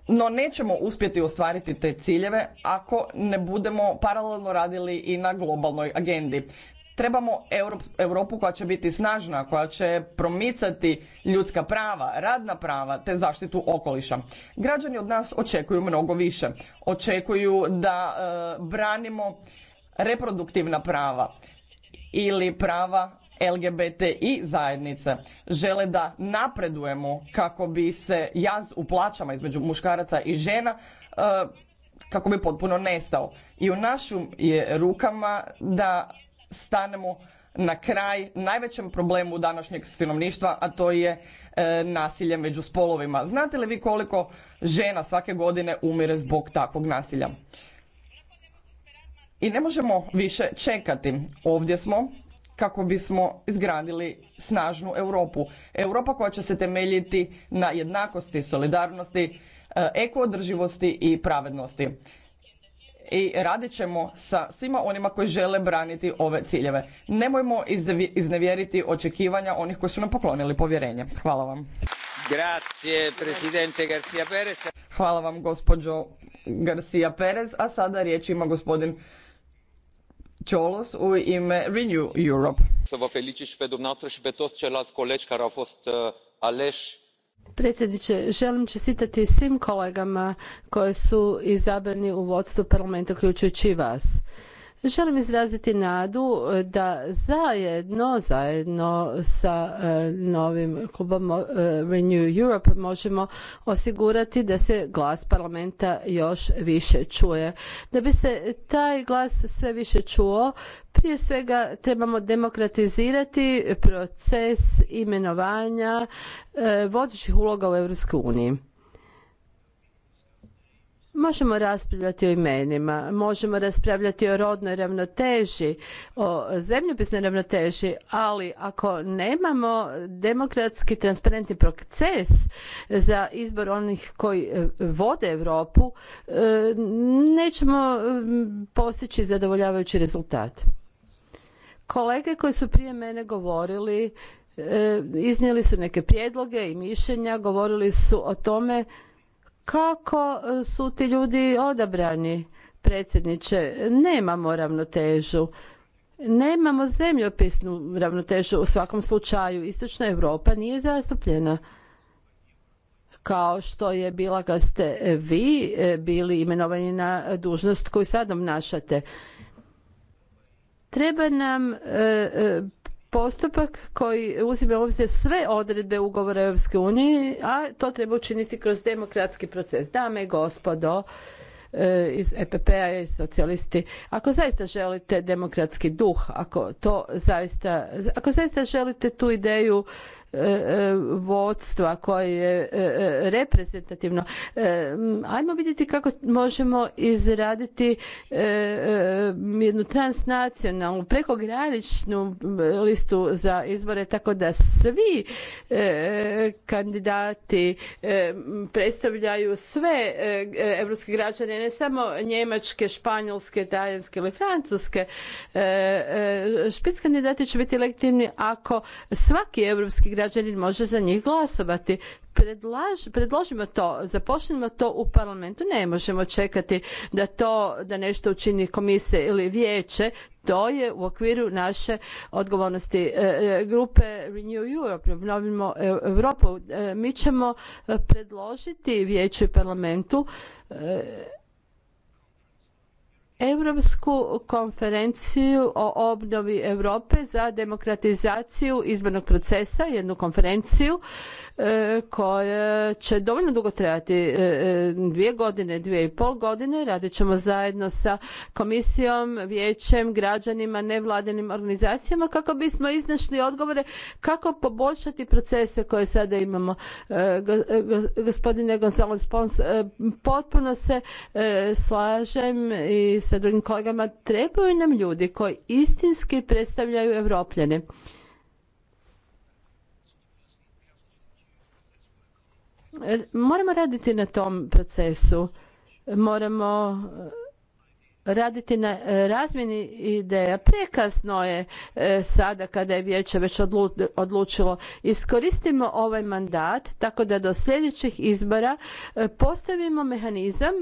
No nećemo uspjeti ostvariti te ciljeve ako ne budemo paralelno radili i na globalnoj agendi. Trebamo Europu koja će biti snažna, koja će promicati ljudska prava, radna prava te zaštitu okoliša. Građani od nas očekuju mnogo više. Očekuju da e, branimo reproduktivna prava ili prava LGBT i zajednice. Žele da napredujemo kako bi se jaz u plaćama između muškaraca i žena e, kako bi potpuno nestao. I u našim je rukama da stanemo na kraj najvećem problemu današnjeg stanovništva, a to je e, nasilje među spolovima. Znate li vi koliko žena svake godine umire zbog takvog nasilja? I ne možemo više čekati. Ovdje smo kako bismo izgradili snažnu Europu. Europa koja će se temeljiti na jednakosti, solidarnosti, e, ekoodrživosti i pravednosti i radit ćemo sa svima onima koji žele braniti ove ciljeve. Nemojmo iznevjeriti očekivanja onih koji su nam poklonili povjerenje. Hvala vam. Grazie, presidente Hvala vam, gospođo Garcia Perez. A sada riječ ima gospodin Čolos u ime Renew Europe. Să vă felicit pe dumneavoastră și pe uh, Predsjedniče, želim čestitati svim kolegama koji su izabrani u vodstvo parlamenta, uključujući i vas. Želim izraziti nadu e, da zajedno, zajedno sa e, novim klubom e, Renew Europe možemo osigurati da se glas parlamenta još više čuje. Da bi se taj glas sve više čuo, prije svega trebamo demokratizirati proces imenovanja vodećih uloga u eu uniji. Možemo raspravljati o imenima, možemo raspravljati o rodnoj ravnoteži, o zemljopisnoj ravnoteži, ali ako nemamo demokratski transparentni proces za izbor onih koji e, vode Europu, e, nećemo postići zadovoljavajući rezultat. Kolege koji su prije mene govorili e, iznijeli su neke prijedloge i mišljenja, govorili su o tome kako e, su ti ljudi odabrani, predsjedniče? Nemamo ravnotežu. Nemamo zemljopisnu ravnotežu u svakom slučaju. Istočna Europa nije zastupljena kao što je bila kad ste vi e, bili imenovani na dužnost koju sad obnašate. Treba nam e, postupak koji uzima u obzir sve odredbe ugovora Europske unije, a to treba učiniti kroz demokratski proces. Dame i gospodo e, iz EPP-a i socijalisti, ako zaista želite demokratski duh, ako to zaista, ako zaista želite tu ideju E, e, vodstva koje je e, reprezentativno. Ajmo vidjeti kako možemo izraditi jednu transnacionalnu, prekograničnu listu za izbore tako da svi kandidati predstavljaju sve evropske građane, ne samo njemačke, španjolske, talijanske ili francuske. Špic kandidati će biti legitimni ako svaki europski građanin može za njih glasovati. Predlaž, predložimo to, započnimo to u parlamentu. Ne možemo čekati da to, da nešto učini komisija ili vijeće. To je u okviru naše odgovornosti e, e, grupe Renew Europe, obnovimo Europu. E, mi ćemo predložiti vijeću i parlamentu Europsku konferenciju o obnovi Europe za demokratizaciju izbornog procesa, jednu konferenciju e, koja će dovoljno dugo trajati, e, e, dvije godine, dvije i pol godine. Radit ćemo zajedno sa komisijom, vijećem, građanima, nevladinim organizacijama kako bismo iznašli odgovore kako poboljšati procese koje sada imamo. Gospodine Gonzalo potpuno se slažem i sa drugim kolegama, trebaju nam ljudi koji istinski predstavljaju Evropljane. Moramo raditi na tom procesu. Moramo raditi na e, razmjeni ideja. Prekasno je e, sada kada je vijeće već odlučilo. Iskoristimo ovaj mandat tako da do sljedećih izbora e, postavimo mehanizam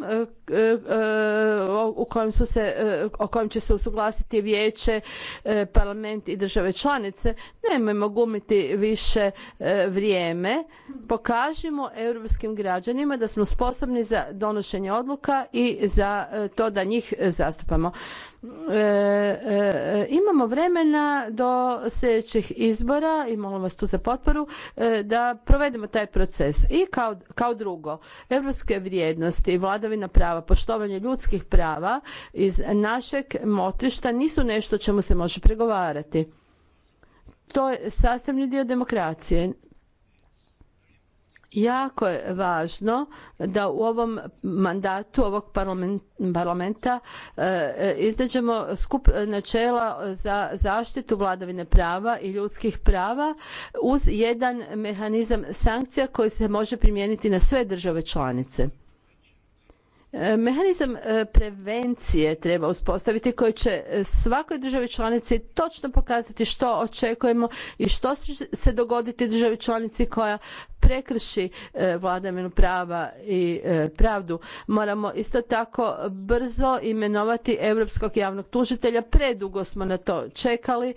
u kojem su se, o kojem će se usuglasiti vijeće, parlament i države članice. Nemojmo gumiti više vrijeme. Pokažimo europskim građanima da smo sposobni za donošenje odluka i za to da njih zastupamo. E, e, imamo vremena do sljedećih izbora i molim vas tu za potporu e, da provedemo taj proces. I kao, kao drugo, europske vrijednosti, vladavina prava, poštovanje ljudskih prava iz našeg motrišta nisu nešto o čemu se može pregovarati. To je sastavni dio demokracije. Jako je važno da u ovom mandatu ovog parlamenta e, e, izdađemo skup načela za zaštitu vladavine prava i ljudskih prava uz jedan mehanizam sankcija koji se može primijeniti na sve države članice. E, mehanizam e, prevencije treba uspostaviti koji će e, svakoj državi članici točno pokazati što očekujemo i što se dogoditi državi članici koja prekrši vladavinu prava i pravdu. Moramo isto tako brzo imenovati europskog javnog tužitelja. Predugo smo na to čekali.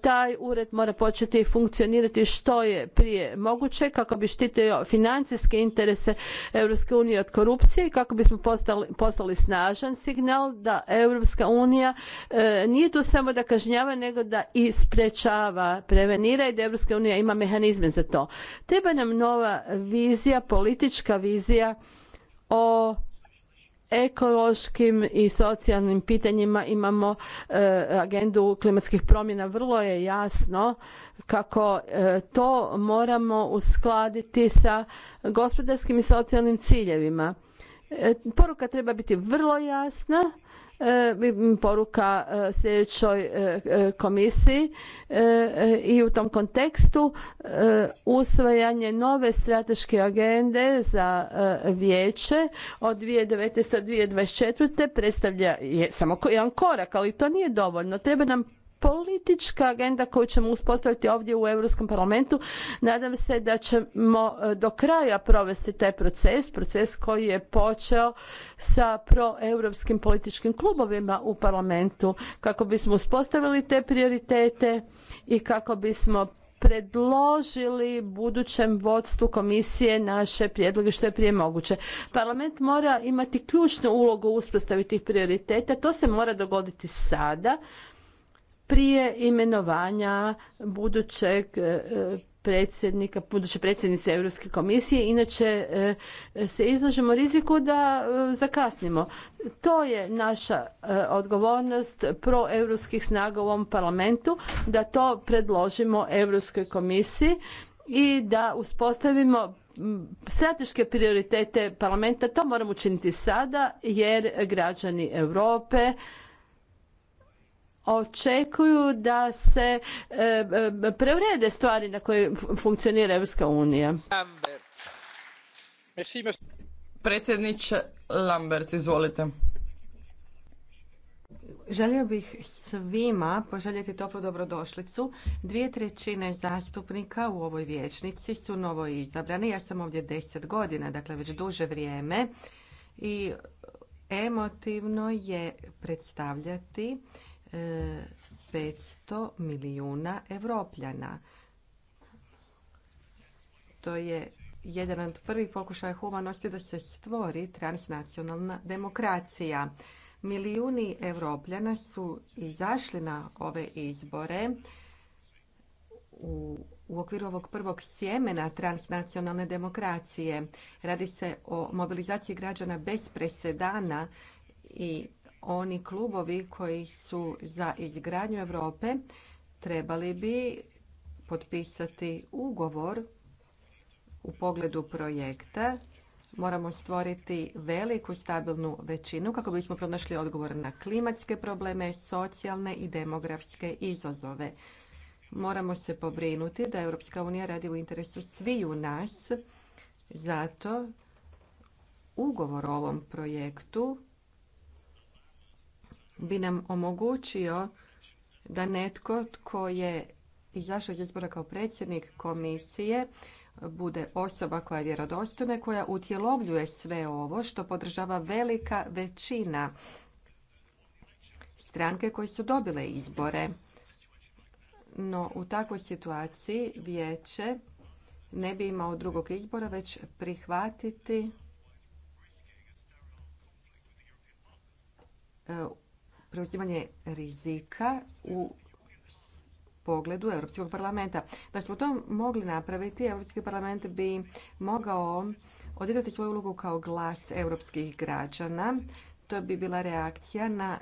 Taj ured mora početi funkcionirati što je prije moguće kako bi štitio financijske interese Europske unije od korupcije i kako bi smo postali, poslali snažan signal da Europska unija e, nije tu samo da kažnjava nego da i sprečava, prevenira i da Europska unija ima mehanizme za to. Treba nam nova vizija, politička vizija o ekološkim i socijalnim pitanjima imamo e, agendu klimatskih promjena vrlo je jasno kako e, to moramo uskladiti sa gospodarskim i socijalnim ciljevima E, poruka treba biti vrlo jasna e, poruka e, sljedećoj komisiji i u tom kontekstu usvajanje nove strateške agende za vijeće od 2019. do 2024. predstavlja je samo jedan korak, ali to nije dovoljno. Treba nam politička agenda koju ćemo uspostaviti ovdje u Europskom parlamentu. Nadam se da ćemo e, do kraja provesti taj proces, proces koji je počeo sa proeuropskim političkim klubovima u parlamentu kako bismo uspostavili te prioritete i kako bismo predložili budućem vodstvu komisije naše prijedloge što je prije moguće. Parlament mora imati ključnu ulogu u uspostavi tih prioriteta, to se mora dogoditi sada prije imenovanja budućeg e, predsjednika, buduće predsjednice Europske komisije, inače e, se izlažemo riziku da e, zakasnimo. To je naša odgovornost proeuropskih snaga u ovom parlamentu, da to predložimo Europskoj komisiji i da uspostavimo strateške prioritete parlamenta. To moramo učiniti sada jer građani Europe očekuju da se e, e, preurede stvari na koje funkcionira Europska unija. Predsjedniče Lambert, izvolite. Želio bih svima poželjeti toplu dobrodošlicu. Dvije trećine zastupnika u ovoj vječnici su novo izabrani. Ja sam ovdje deset godina, dakle već duže vrijeme. I emotivno je predstavljati 500 milijuna evropljana. To je jedan od prvih pokušaja humanosti da se stvori transnacionalna demokracija. Milijuni evropljana su izašli na ove izbore u, u okviru ovog prvog sjemena transnacionalne demokracije. Radi se o mobilizaciji građana bez presedana i oni klubovi koji su za izgradnju Europe trebali bi potpisati ugovor u pogledu projekta. Moramo stvoriti veliku stabilnu većinu kako bismo pronašli odgovor na klimatske probleme, socijalne i demografske izazove. Moramo se pobrinuti da Europska unija radi u interesu sviju nas. Zato ugovor o ovom projektu bi nam omogućio da netko tko je izašao iz izbora kao predsjednik komisije bude osoba koja je vjerodostojna koja utjelovljuje sve ovo što podržava velika većina stranke koje su dobile izbore. No u takvoj situaciji vijeće ne bi imao drugog izbora već prihvatiti e, preuzimanje rizika u pogledu Europskog parlamenta. Da smo to mogli napraviti, Europski parlament bi mogao odigrati svoju ulogu kao glas europskih građana. To bi bila reakcija na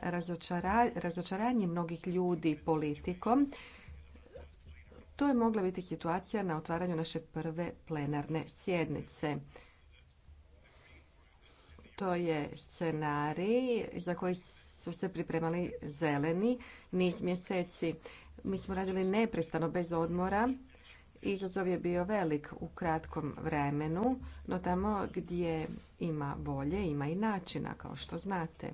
razočaranje mnogih ljudi politikom. To je mogla biti situacija na otvaranju naše prve plenarne sjednice. To je scenarij za koji su se pripremali zeleni niz mjeseci. Mi smo radili neprestano bez odmora. Izazov je bio velik u kratkom vremenu, no tamo gdje ima volje, ima i načina, kao što znate.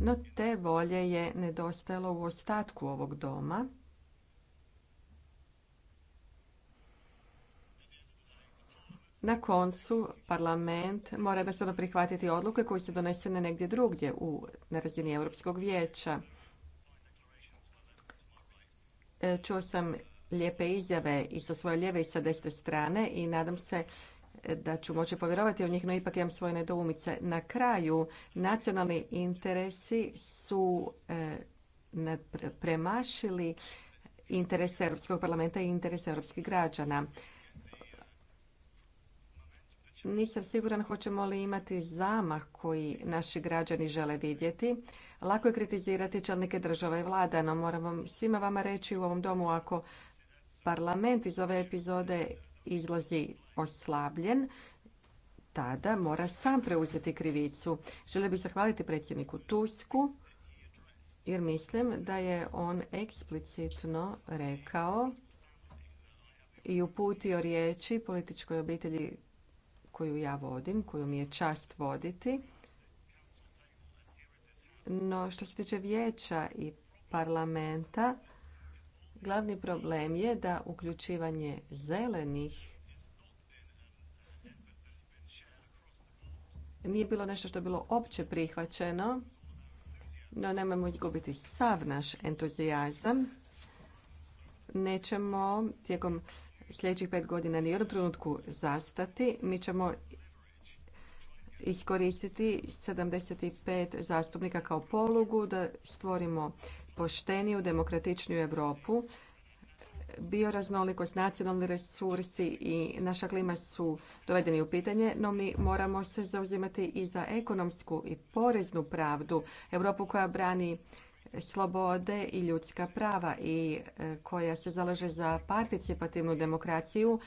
No te volje je nedostajalo u ostatku ovog doma. Na koncu parlament mora jednostavno prihvatiti odluke koje su donesene negdje drugdje u, na razini Europskog vijeća. E, čuo sam lijepe izjave i sa svoje lijeve i sa desne strane i nadam se e, da ću moći povjerovati u njih, no ipak imam svoje nedoumice. Na kraju, nacionalni interesi su e, premašili interese Europskog parlamenta i interese europskih građana nisam siguran hoćemo li imati zamah koji naši građani žele vidjeti. Lako je kritizirati čelnike države i vlada, no moram vam, svima vama reći u ovom domu ako parlament iz ove epizode izlazi oslabljen, tada mora sam preuzeti krivicu. Želio bih zahvaliti predsjedniku Tusku, jer mislim da je on eksplicitno rekao i uputio riječi političkoj obitelji koju ja vodim, koju mi je čast voditi. No što se tiče vijeća i parlamenta, glavni problem je da uključivanje zelenih nije bilo nešto što je bilo opće prihvaćeno, no nemojmo izgubiti sav naš entuzijazam. Nećemo tijekom sljedećih pet godina ni u jednom trenutku zastati. Mi ćemo iskoristiti 75 zastupnika kao polugu da stvorimo pošteniju, demokratičniju Europu. Bioraznolikost, nacionalni resursi i naša klima su dovedeni u pitanje, no mi moramo se zauzimati i za ekonomsku i poreznu pravdu. Europu koja brani slobode i ljudska prava i e, koja se zalaže za participativnu demokraciju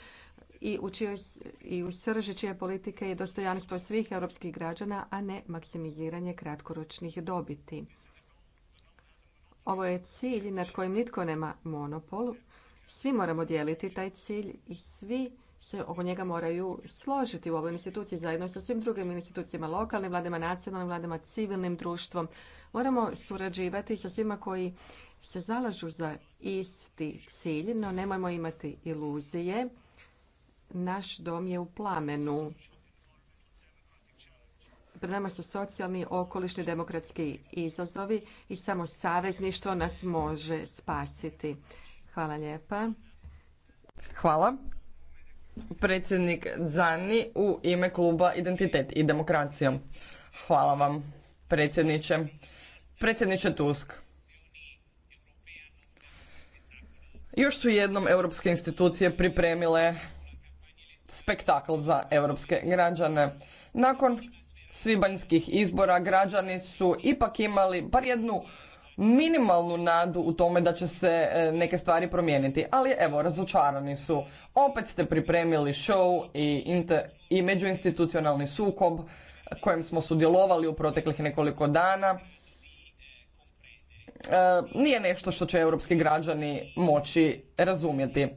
i u, čijoj, i u srži čije politike je dostojanstvo svih europskih građana, a ne maksimiziranje kratkoročnih dobiti. Ovo je cilj nad kojim nitko nema monopol. Svi moramo dijeliti taj cilj i svi se oko njega moraju složiti u ovoj instituciji zajedno sa svim drugim institucijama, lokalnim vladama, nacionalnim vladama, civilnim društvom. Moramo surađivati sa svima koji se zalažu za isti cilj, no nemojmo imati iluzije. Naš dom je u plamenu. Pred nama su socijalni, okolišni, demokratski izazovi i samo savezništvo nas može spasiti. Hvala lijepa. Hvala predsjednik Zani u ime kluba Identitet i demokracija. Hvala vam, predsjedniče. Predsjedniče Tusk. Još su jednom europske institucije pripremile spektakl za europske građane. Nakon svibanjskih izbora građani su ipak imali bar jednu minimalnu nadu u tome da će se e, neke stvari promijeniti. Ali evo, razočarani su. Opet ste pripremili show i, i međuinstitucionalni sukob kojem smo sudjelovali u proteklih nekoliko dana. E, nije nešto što će europski građani moći razumjeti.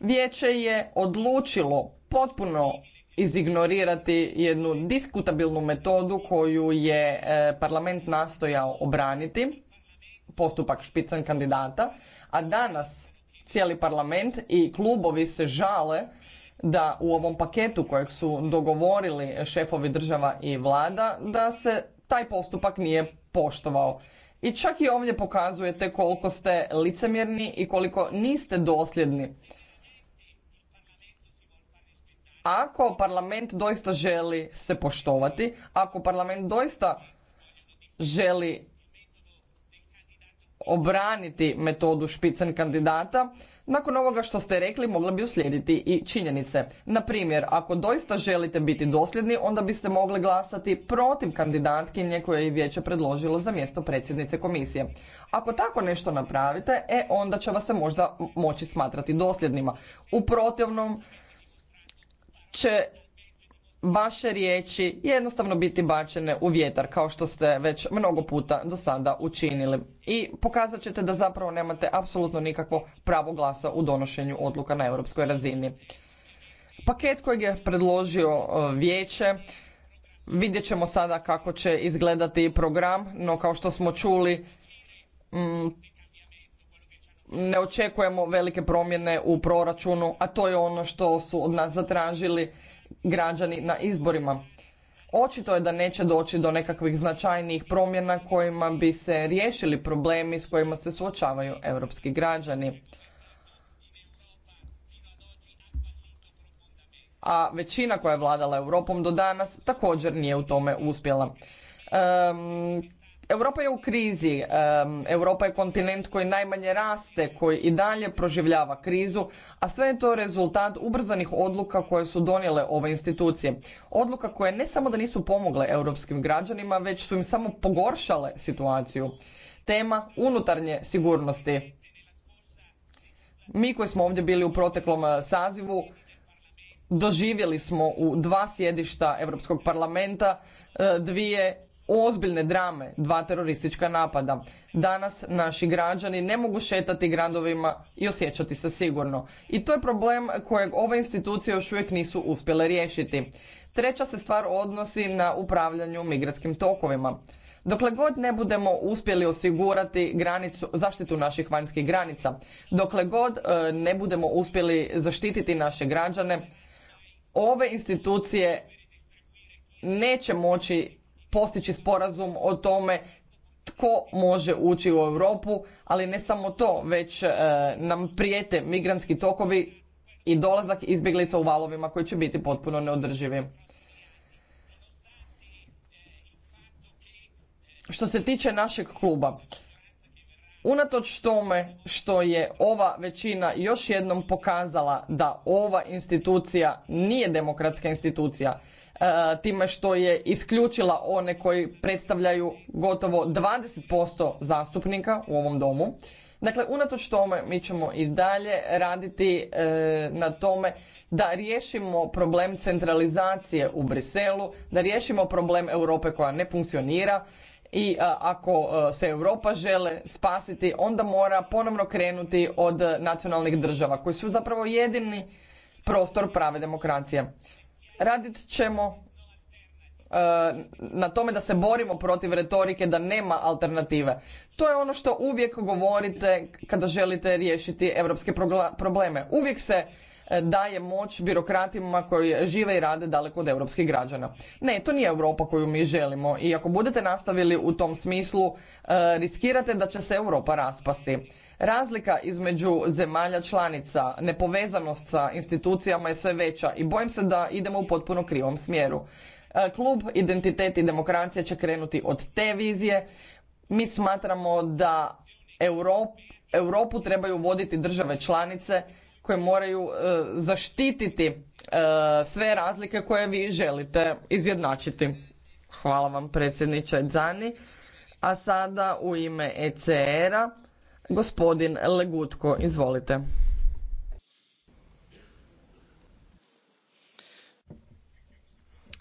Vijeće je odlučilo potpuno izignorirati jednu diskutabilnu metodu koju je e, parlament nastojao obraniti postupak špican kandidata, a danas cijeli parlament i klubovi se žale da u ovom paketu kojeg su dogovorili šefovi država i vlada, da se taj postupak nije poštovao. I čak i ovdje pokazujete koliko ste licemjerni i koliko niste dosljedni. Ako parlament doista želi se poštovati, ako parlament doista želi obraniti metodu špicen kandidata, nakon ovoga što ste rekli mogla bi uslijediti i činjenice. Na primjer, ako doista želite biti dosljedni, onda biste mogli glasati protiv kandidatkinje koje je vijeće predložilo za mjesto predsjednice komisije. Ako tako nešto napravite, e onda će vas se možda moći smatrati dosljednima. U protivnom će vaše riječi jednostavno biti bačene u vjetar kao što ste već mnogo puta do sada učinili i pokazat ćete da zapravo nemate apsolutno nikakvo pravo glasa u donošenju odluka na europskoj razini. Paket kojeg je predložio e, vijeće vidjet ćemo sada kako će izgledati program, no kao što smo čuli mm, ne očekujemo velike promjene u proračunu, a to je ono što su od nas zatražili građani na izborima. Očito je da neće doći do nekakvih značajnijih promjena kojima bi se riješili problemi s kojima se suočavaju europski građani. A većina koja je vladala Europom do danas također nije u tome uspjela. Europa je u krizi, Europa je kontinent koji najmanje raste, koji i dalje proživljava krizu, a sve je to rezultat ubrzanih odluka koje su donijele ove institucije. Odluka koje ne samo da nisu pomogle europskim građanima, već su im samo pogoršale situaciju. Tema unutarnje sigurnosti. Mi koji smo ovdje bili u proteklom eh, sazivu, doživjeli smo u dva sjedišta Europskog parlamenta eh, dvije ozbiljne drame, dva teroristička napada. Danas naši građani ne mogu šetati gradovima i osjećati se sigurno. I to je problem kojeg ove institucije još uvijek nisu uspjele riješiti. Treća se stvar odnosi na upravljanju migratskim tokovima. Dokle god ne budemo uspjeli osigurati granicu, zaštitu naših vanjskih granica, dokle god e, ne budemo uspjeli zaštititi naše građane, ove institucije neće moći postići sporazum o tome tko može ući u Europu, ali ne samo to, već e, nam prijete migrantski tokovi i dolazak izbjeglica u valovima koji će biti potpuno neodrživi. Što se tiče našeg kluba, unatoč tome što je ova većina još jednom pokazala da ova institucija nije demokratska institucija, E, time što je isključila one koji predstavljaju gotovo 20% zastupnika u ovom domu. Dakle, unatoč tome mi ćemo i dalje raditi e, na tome da riješimo problem centralizacije u Briselu, da riješimo problem Europe koja ne funkcionira i e, ako se Europa žele spasiti, onda mora ponovno krenuti od nacionalnih država koji su zapravo jedini prostor prave demokracije radit ćemo e, na tome da se borimo protiv retorike da nema alternative. To je ono što uvijek govorite kada želite riješiti europske probleme. Uvijek se e, daje moć birokratima koji žive i rade daleko od europskih građana. Ne, to nije Europa koju mi želimo i ako budete nastavili u tom smislu e, riskirate da će se Europa raspasti. Razlika između zemalja članica, nepovezanost sa institucijama je sve veća i bojim se da idemo u potpuno krivom smjeru. E, klub Identitet i demokracija će krenuti od te vizije. Mi smatramo da Europu, trebaju voditi države članice koje moraju e, zaštititi e, sve razlike koje vi želite izjednačiti. Hvala vam predsjedniče Zani. A sada u ime ECR-a Gospodin Legutko, izvolite.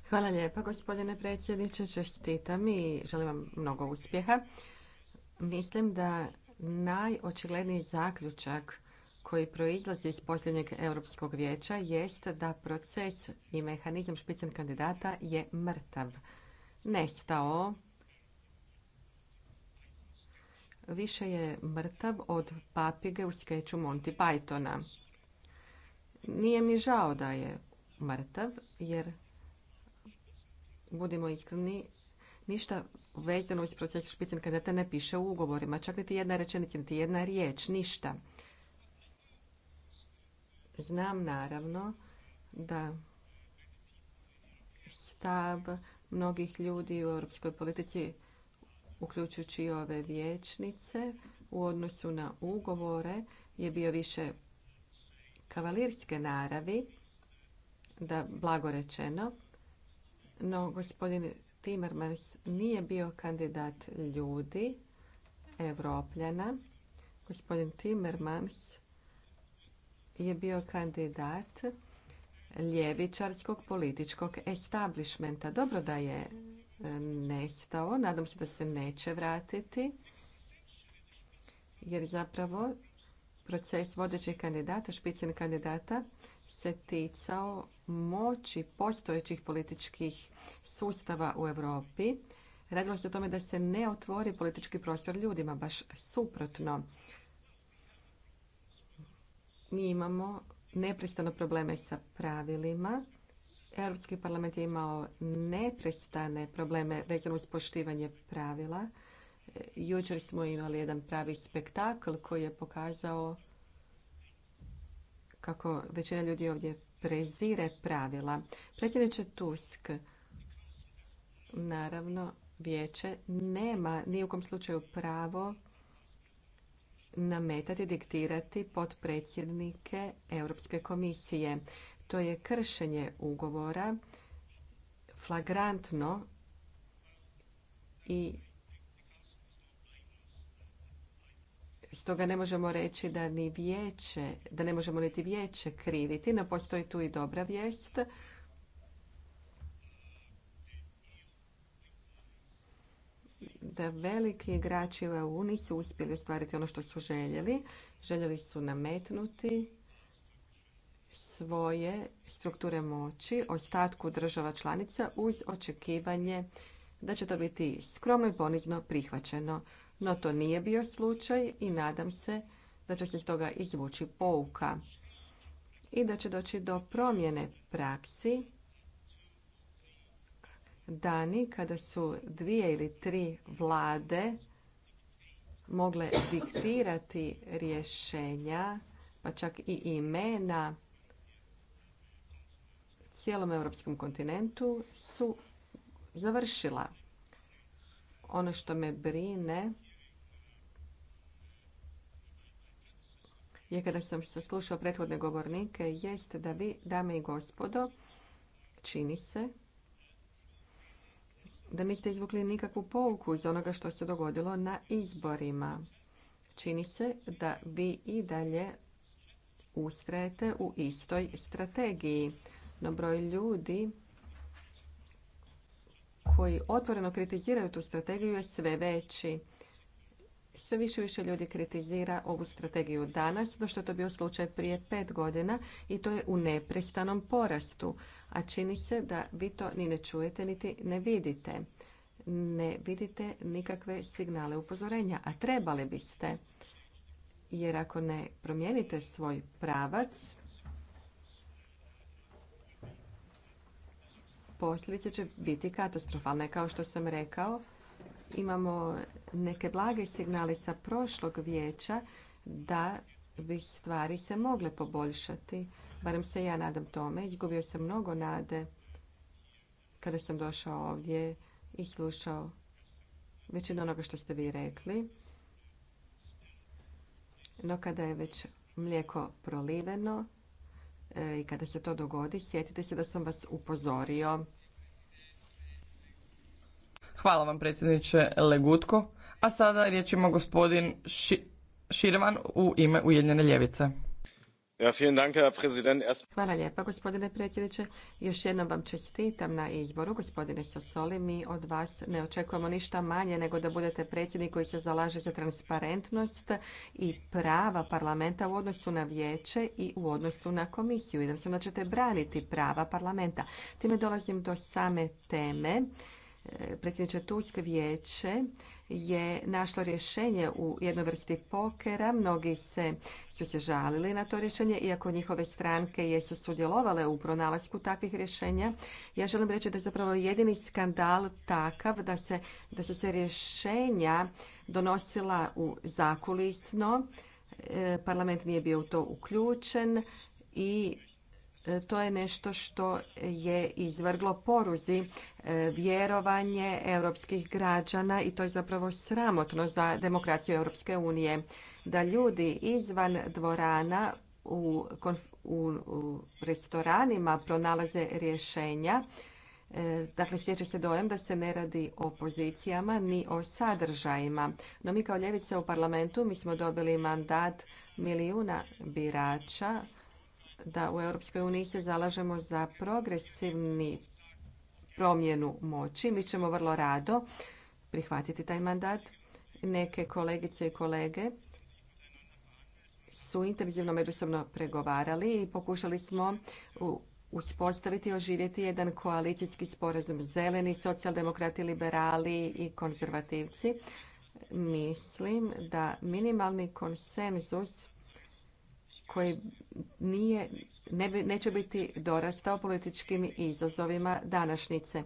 Hvala lijepa gospodine predsjedniče, čestitam i želim vam mnogo uspjeha. Mislim da najočigledniji zaključak koji proizlazi iz posljednjeg Europskog vijeća jest da proces i mehanizam špicen kandidata je mrtav. Nestao više je mrtav od papige u skeću Monty Pythona. Nije mi žao da je mrtav, jer budimo iskreni, ništa vezano iz proces špicen kadete ne piše u ugovorima, čak niti jedna rečenica, niti jedna riječ, ništa. Znam naravno da stav mnogih ljudi u europskoj politici uključujući i ove vječnice, u odnosu na ugovore je bio više kavalirske naravi, da blago rečeno, no gospodin Timmermans nije bio kandidat ljudi, Evropljana. Gospodin Timmermans je bio kandidat ljevičarskog političkog establishmenta. Dobro da je nestao. Nadam se da se neće vratiti. Jer zapravo proces vodećih kandidata, špicen kandidata, se ticao moći postojećih političkih sustava u Europi. Radilo se o tome da se ne otvori politički prostor ljudima, baš suprotno. Mi imamo nepristano probleme sa pravilima Europski parlament je imao neprestane probleme vezano uz poštivanje pravila. E, jučer smo imali jedan pravi spektakl koji je pokazao kako većina ljudi ovdje prezire pravila. Predsjedniče Tusk, naravno, vijeće nema ni u kom slučaju pravo nametati, diktirati predsjednike Europske komisije. To je kršenje ugovora flagrantno i stoga ne možemo reći da ni vijeće, da ne možemo niti vijeće kriviti, no postoji tu i dobra vijest. da veliki igrači u EU nisu uspjeli ostvariti ono što su željeli. Željeli su nametnuti svoje strukture moći ostatku država članica uz očekivanje da će to biti skromno i ponizno prihvaćeno. No to nije bio slučaj i nadam se da će se iz toga izvući pouka i da će doći do promjene praksi dani kada su dvije ili tri vlade mogle diktirati rješenja, pa čak i imena cijelom europskom kontinentu su završila. Ono što me brine je kada sam saslušao prethodne govornike, jeste da vi, dame i gospodo, čini se da niste izvukli nikakvu pouku iz onoga što se dogodilo na izborima. Čini se da vi i dalje ustrajete u istoj strategiji na broj ljudi koji otvoreno kritiziraju tu strategiju je sve veći. Sve više i više ljudi kritizira ovu strategiju danas, do što je to bio slučaj prije pet godina i to je u neprestanom porastu. A čini se da vi to ni ne čujete, niti ne vidite. Ne vidite nikakve signale upozorenja, a trebali biste. Jer ako ne promijenite svoj pravac, posljedice će biti katastrofalne. Kao što sam rekao, imamo neke blage signale sa prošlog vijeća da bi stvari se mogle poboljšati. Barem se ja nadam tome. Izgubio sam mnogo nade kada sam došao ovdje i slušao većinu onoga što ste vi rekli. No kada je već mlijeko proliveno, E, i kada se to dogodi, sjetite se da sam vas upozorio. Hvala vam predsjedniče Legutko. A sada riječ ima gospodin Širman u ime Ujedinjene ljevice. Hvala lijepa gospodine predsjedniče. Još jednom vam čestitam na izboru. Gospodine Sassoli, mi od vas ne očekujemo ništa manje nego da budete predsjednik koji se zalaže za transparentnost i prava parlamenta u odnosu na vijeće i u odnosu na komisiju. I da se da ćete braniti prava parlamenta. Time dolazim do same teme. E, predsjedniče Tusk vijeće je našlo rješenje u jednoj vrsti pokera. Mnogi se, su se žalili na to rješenje, iako njihove stranke jesu sudjelovale u pronalasku takvih rješenja. Ja želim reći da je zapravo jedini skandal takav da, se, da su se rješenja donosila u zakulisno, e, parlament nije bio u to uključen i E, to je nešto što je izvrglo poruzi e, vjerovanje europskih građana i to je zapravo sramotno za demokraciju Europske unije. Da ljudi izvan dvorana u, u, u restoranima pronalaze rješenja, e, Dakle, stječe se dojem da se ne radi o pozicijama ni o sadržajima. No mi kao ljevice u parlamentu mi smo dobili mandat milijuna birača da u Europskoj uniji se zalažemo za progresivni promjenu moći. Mi ćemo vrlo rado prihvatiti taj mandat. Neke kolegice i kolege su intenzivno međusobno pregovarali i pokušali smo uspostaviti i oživjeti jedan koalicijski sporazum zeleni, socijaldemokrati, liberali i konzervativci. Mislim da minimalni konsenzus koji nije, ne, neće biti dorastao političkim izazovima današnjice.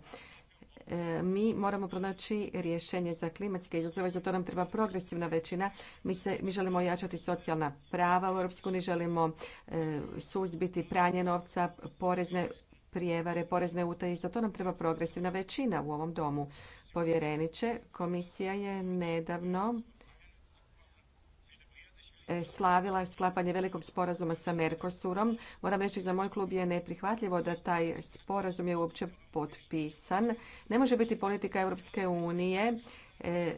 E, mi moramo pronaći rješenje za klimatske izazove, za to nam treba progresivna većina. Mi, se, mi želimo ojačati socijalna prava u Europsku, želimo e, suzbiti pranje novca, porezne prijevare, porezne utaje. Za to nam treba progresivna većina u ovom domu. Povjereniče, komisija je nedavno E, slavila sklapanje velikog sporazuma sa Mercosurom. Moram reći za moj klub je neprihvatljivo da taj sporazum je uopće potpisan. Ne može biti politika Europske unije e,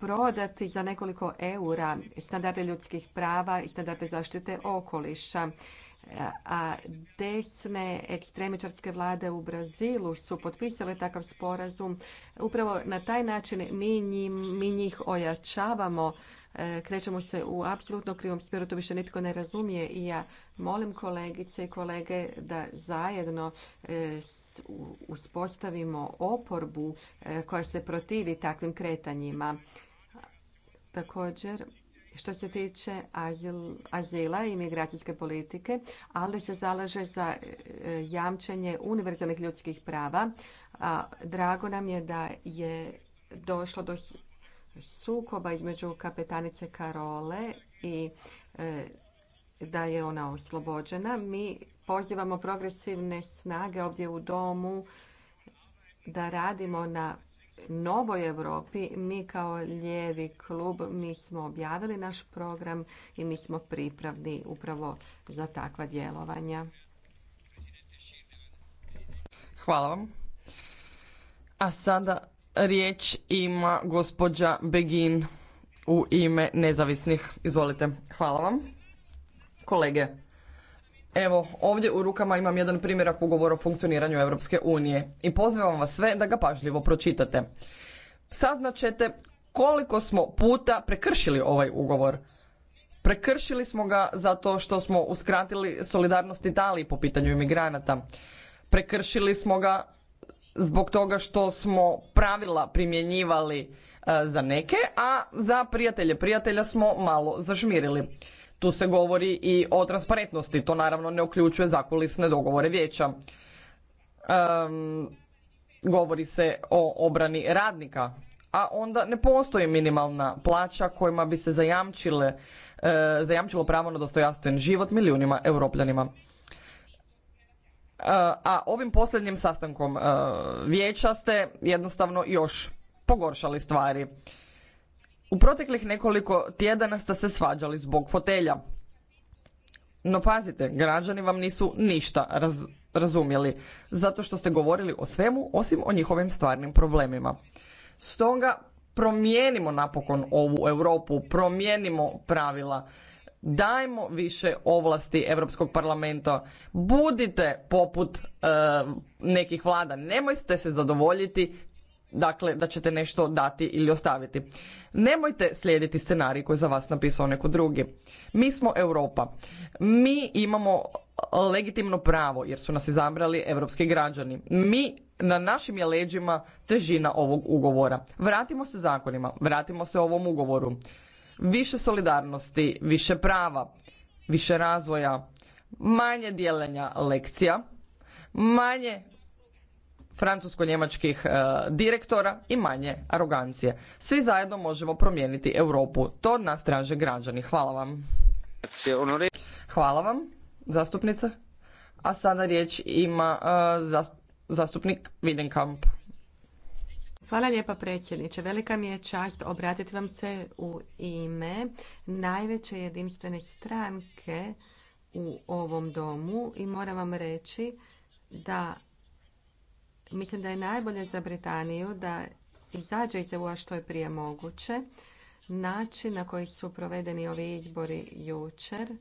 prodati za nekoliko eura standarde ljudskih prava i standarde zaštite okoliša. A desne ekstremičarske vlade u Brazilu su potpisale takav sporazum. Upravo na taj način mi, mi njih ojačavamo E, krećemo se u apsolutno krivom smjeru, to više nitko ne razumije i ja molim kolegice i kolege da zajedno e, uspostavimo oporbu e, koja se protivi takvim kretanjima. Također, što se tiče azila i migracijske politike, ali se zalaže za jamčenje univerzalnih ljudskih prava. A, drago nam je da je došlo do sukoba između kapetanice Karole i e, da je ona oslobođena. Mi pozivamo progresivne snage ovdje u domu da radimo na novoj Europi. Mi kao lijevi klub, mi smo objavili naš program i mi smo pripravni upravo za takva djelovanja. Hvala vam. A sada Riječ ima gospođa Begin u ime nezavisnih. Izvolite. Hvala vam. Kolege, evo ovdje u rukama imam jedan primjerak ugovora o funkcioniranju Europske unije i pozivam vas sve da ga pažljivo pročitate. Saznat ćete koliko smo puta prekršili ovaj ugovor. Prekršili smo ga zato što smo uskratili solidarnost Italiji po pitanju imigranata. Prekršili smo ga zbog toga što smo pravila primjenjivali e, za neke, a za prijatelje prijatelja smo malo zažmirili. Tu se govori i o transparentnosti, to naravno ne uključuje zakulisne dogovore vijeća. Um, govori se o obrani radnika, a onda ne postoji minimalna plaća kojima bi se e, zajamčilo pravo na dostojanstven život milijunima europljanima a ovim posljednjim sastankom e, vijeća ste jednostavno još pogoršali stvari. U proteklih nekoliko tjedana ste se svađali zbog fotelja. No pazite, građani vam nisu ništa razumjeli, zato što ste govorili o svemu osim o njihovim stvarnim problemima. Stoga promijenimo napokon ovu Europu, promijenimo pravila dajmo više ovlasti Europskog parlamenta. Budite poput e, nekih vlada, nemojte se zadovoljiti dakle da ćete nešto dati ili ostaviti. Nemojte slijediti scenarij koji je za vas napisao neko drugi. Mi smo Europa. Mi imamo legitimno pravo jer su nas izabrali europski građani. Mi na našim je leđima težina ovog ugovora. Vratimo se zakonima, vratimo se ovom ugovoru više solidarnosti, više prava, više razvoja, manje dijeljenja lekcija, manje francusko-njemačkih e, direktora i manje arogancije. Svi zajedno možemo promijeniti Europu. To od nas traže građani. Hvala vam. Hvala vam, zastupnice. A sada riječ ima e, zastupnik Videnkamp. Hvala lijepa predsjedniče. Velika mi je čast obratiti vam se u ime najveće jedinstvene stranke u ovom domu i moram vam reći da mislim da je najbolje za Britaniju da izađe iz EU što je prije moguće. Način na koji su provedeni ovi izbori jučer,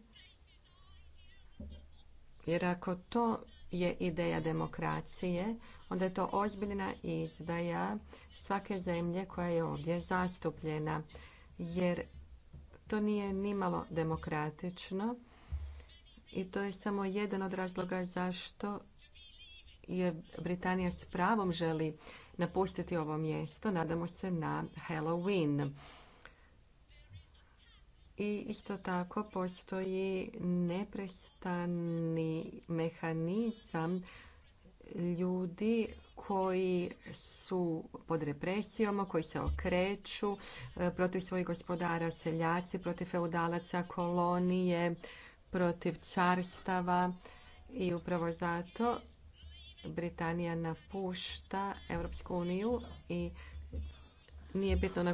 jer ako to je ideja demokracije, onda je to ozbiljna izdaja svake zemlje koja je ovdje zastupljena. Jer to nije nimalo demokratično i to je samo jedan od razloga zašto je Britanija s pravom želi napustiti ovo mjesto. Nadamo se na Halloween. I isto tako postoji neprestani mehanizam ljudi koji su pod represijom, koji se okreću e, protiv svojih gospodara, seljaci, protiv feudalaca, kolonije, protiv carstava i upravo zato Britanija napušta Europsku uniju i nije bitno na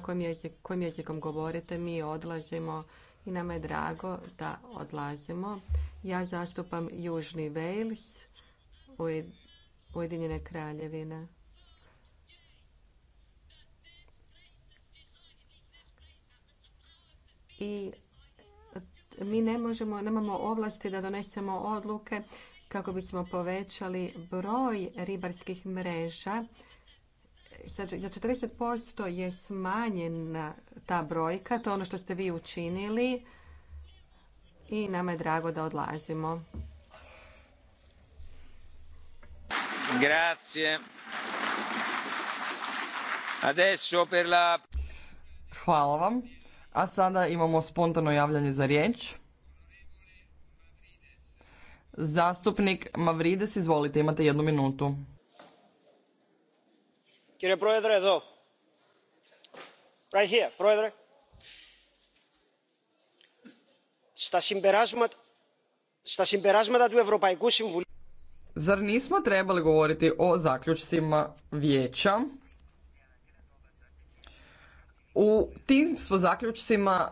kojim, jezikom govorite, mi odlazimo i nama je drago da odlazimo. Ja zastupam Južni Wales, Ujedinjene kraljevine. I mi ne možemo, nemamo ovlasti da donesemo odluke kako bismo povećali broj ribarskih mreža. Za 40% je smanjena ta brojka, to je ono što ste vi učinili i nama je drago da odlazimo. Hvala vam. A sada imamo spontano javljanje za riječ. Zastupnik Mavrides, izvolite, imate jednu minutu. Kire projedre, do. Right here, projedre. Στα συμπεράσματα, στα συμπεράσματα του Ευρωπαϊκού Συμβουλίου Zar nismo trebali govoriti o zaključcima vijeća? U tim smo zaključcima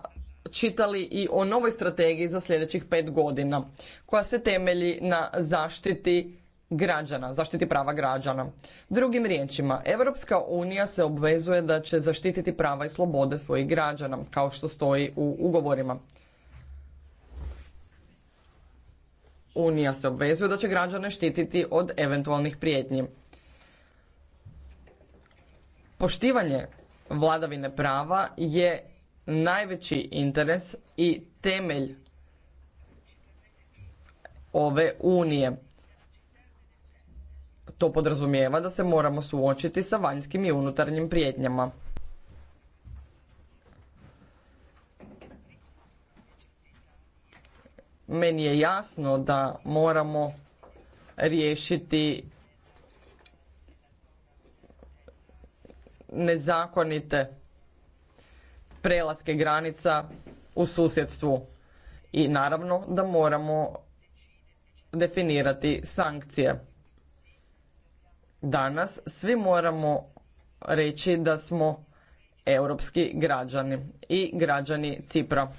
čitali i o novoj strategiji za sljedećih pet godina koja se temelji na zaštiti građana, zaštiti prava građana. Drugim riječima, Europska unija se obvezuje da će zaštititi prava i slobode svojih građana, kao što stoji u ugovorima. Unija se obvezuje da će građane štititi od eventualnih prijetnji. Poštivanje vladavine prava je najveći interes i temelj ove unije. To podrazumijeva da se moramo suočiti sa vanjskim i unutarnjim prijetnjama. meni je jasno da moramo riješiti nezakonite prelaske granica u susjedstvu i naravno da moramo definirati sankcije. Danas svi moramo reći da smo europski građani i građani Cipra.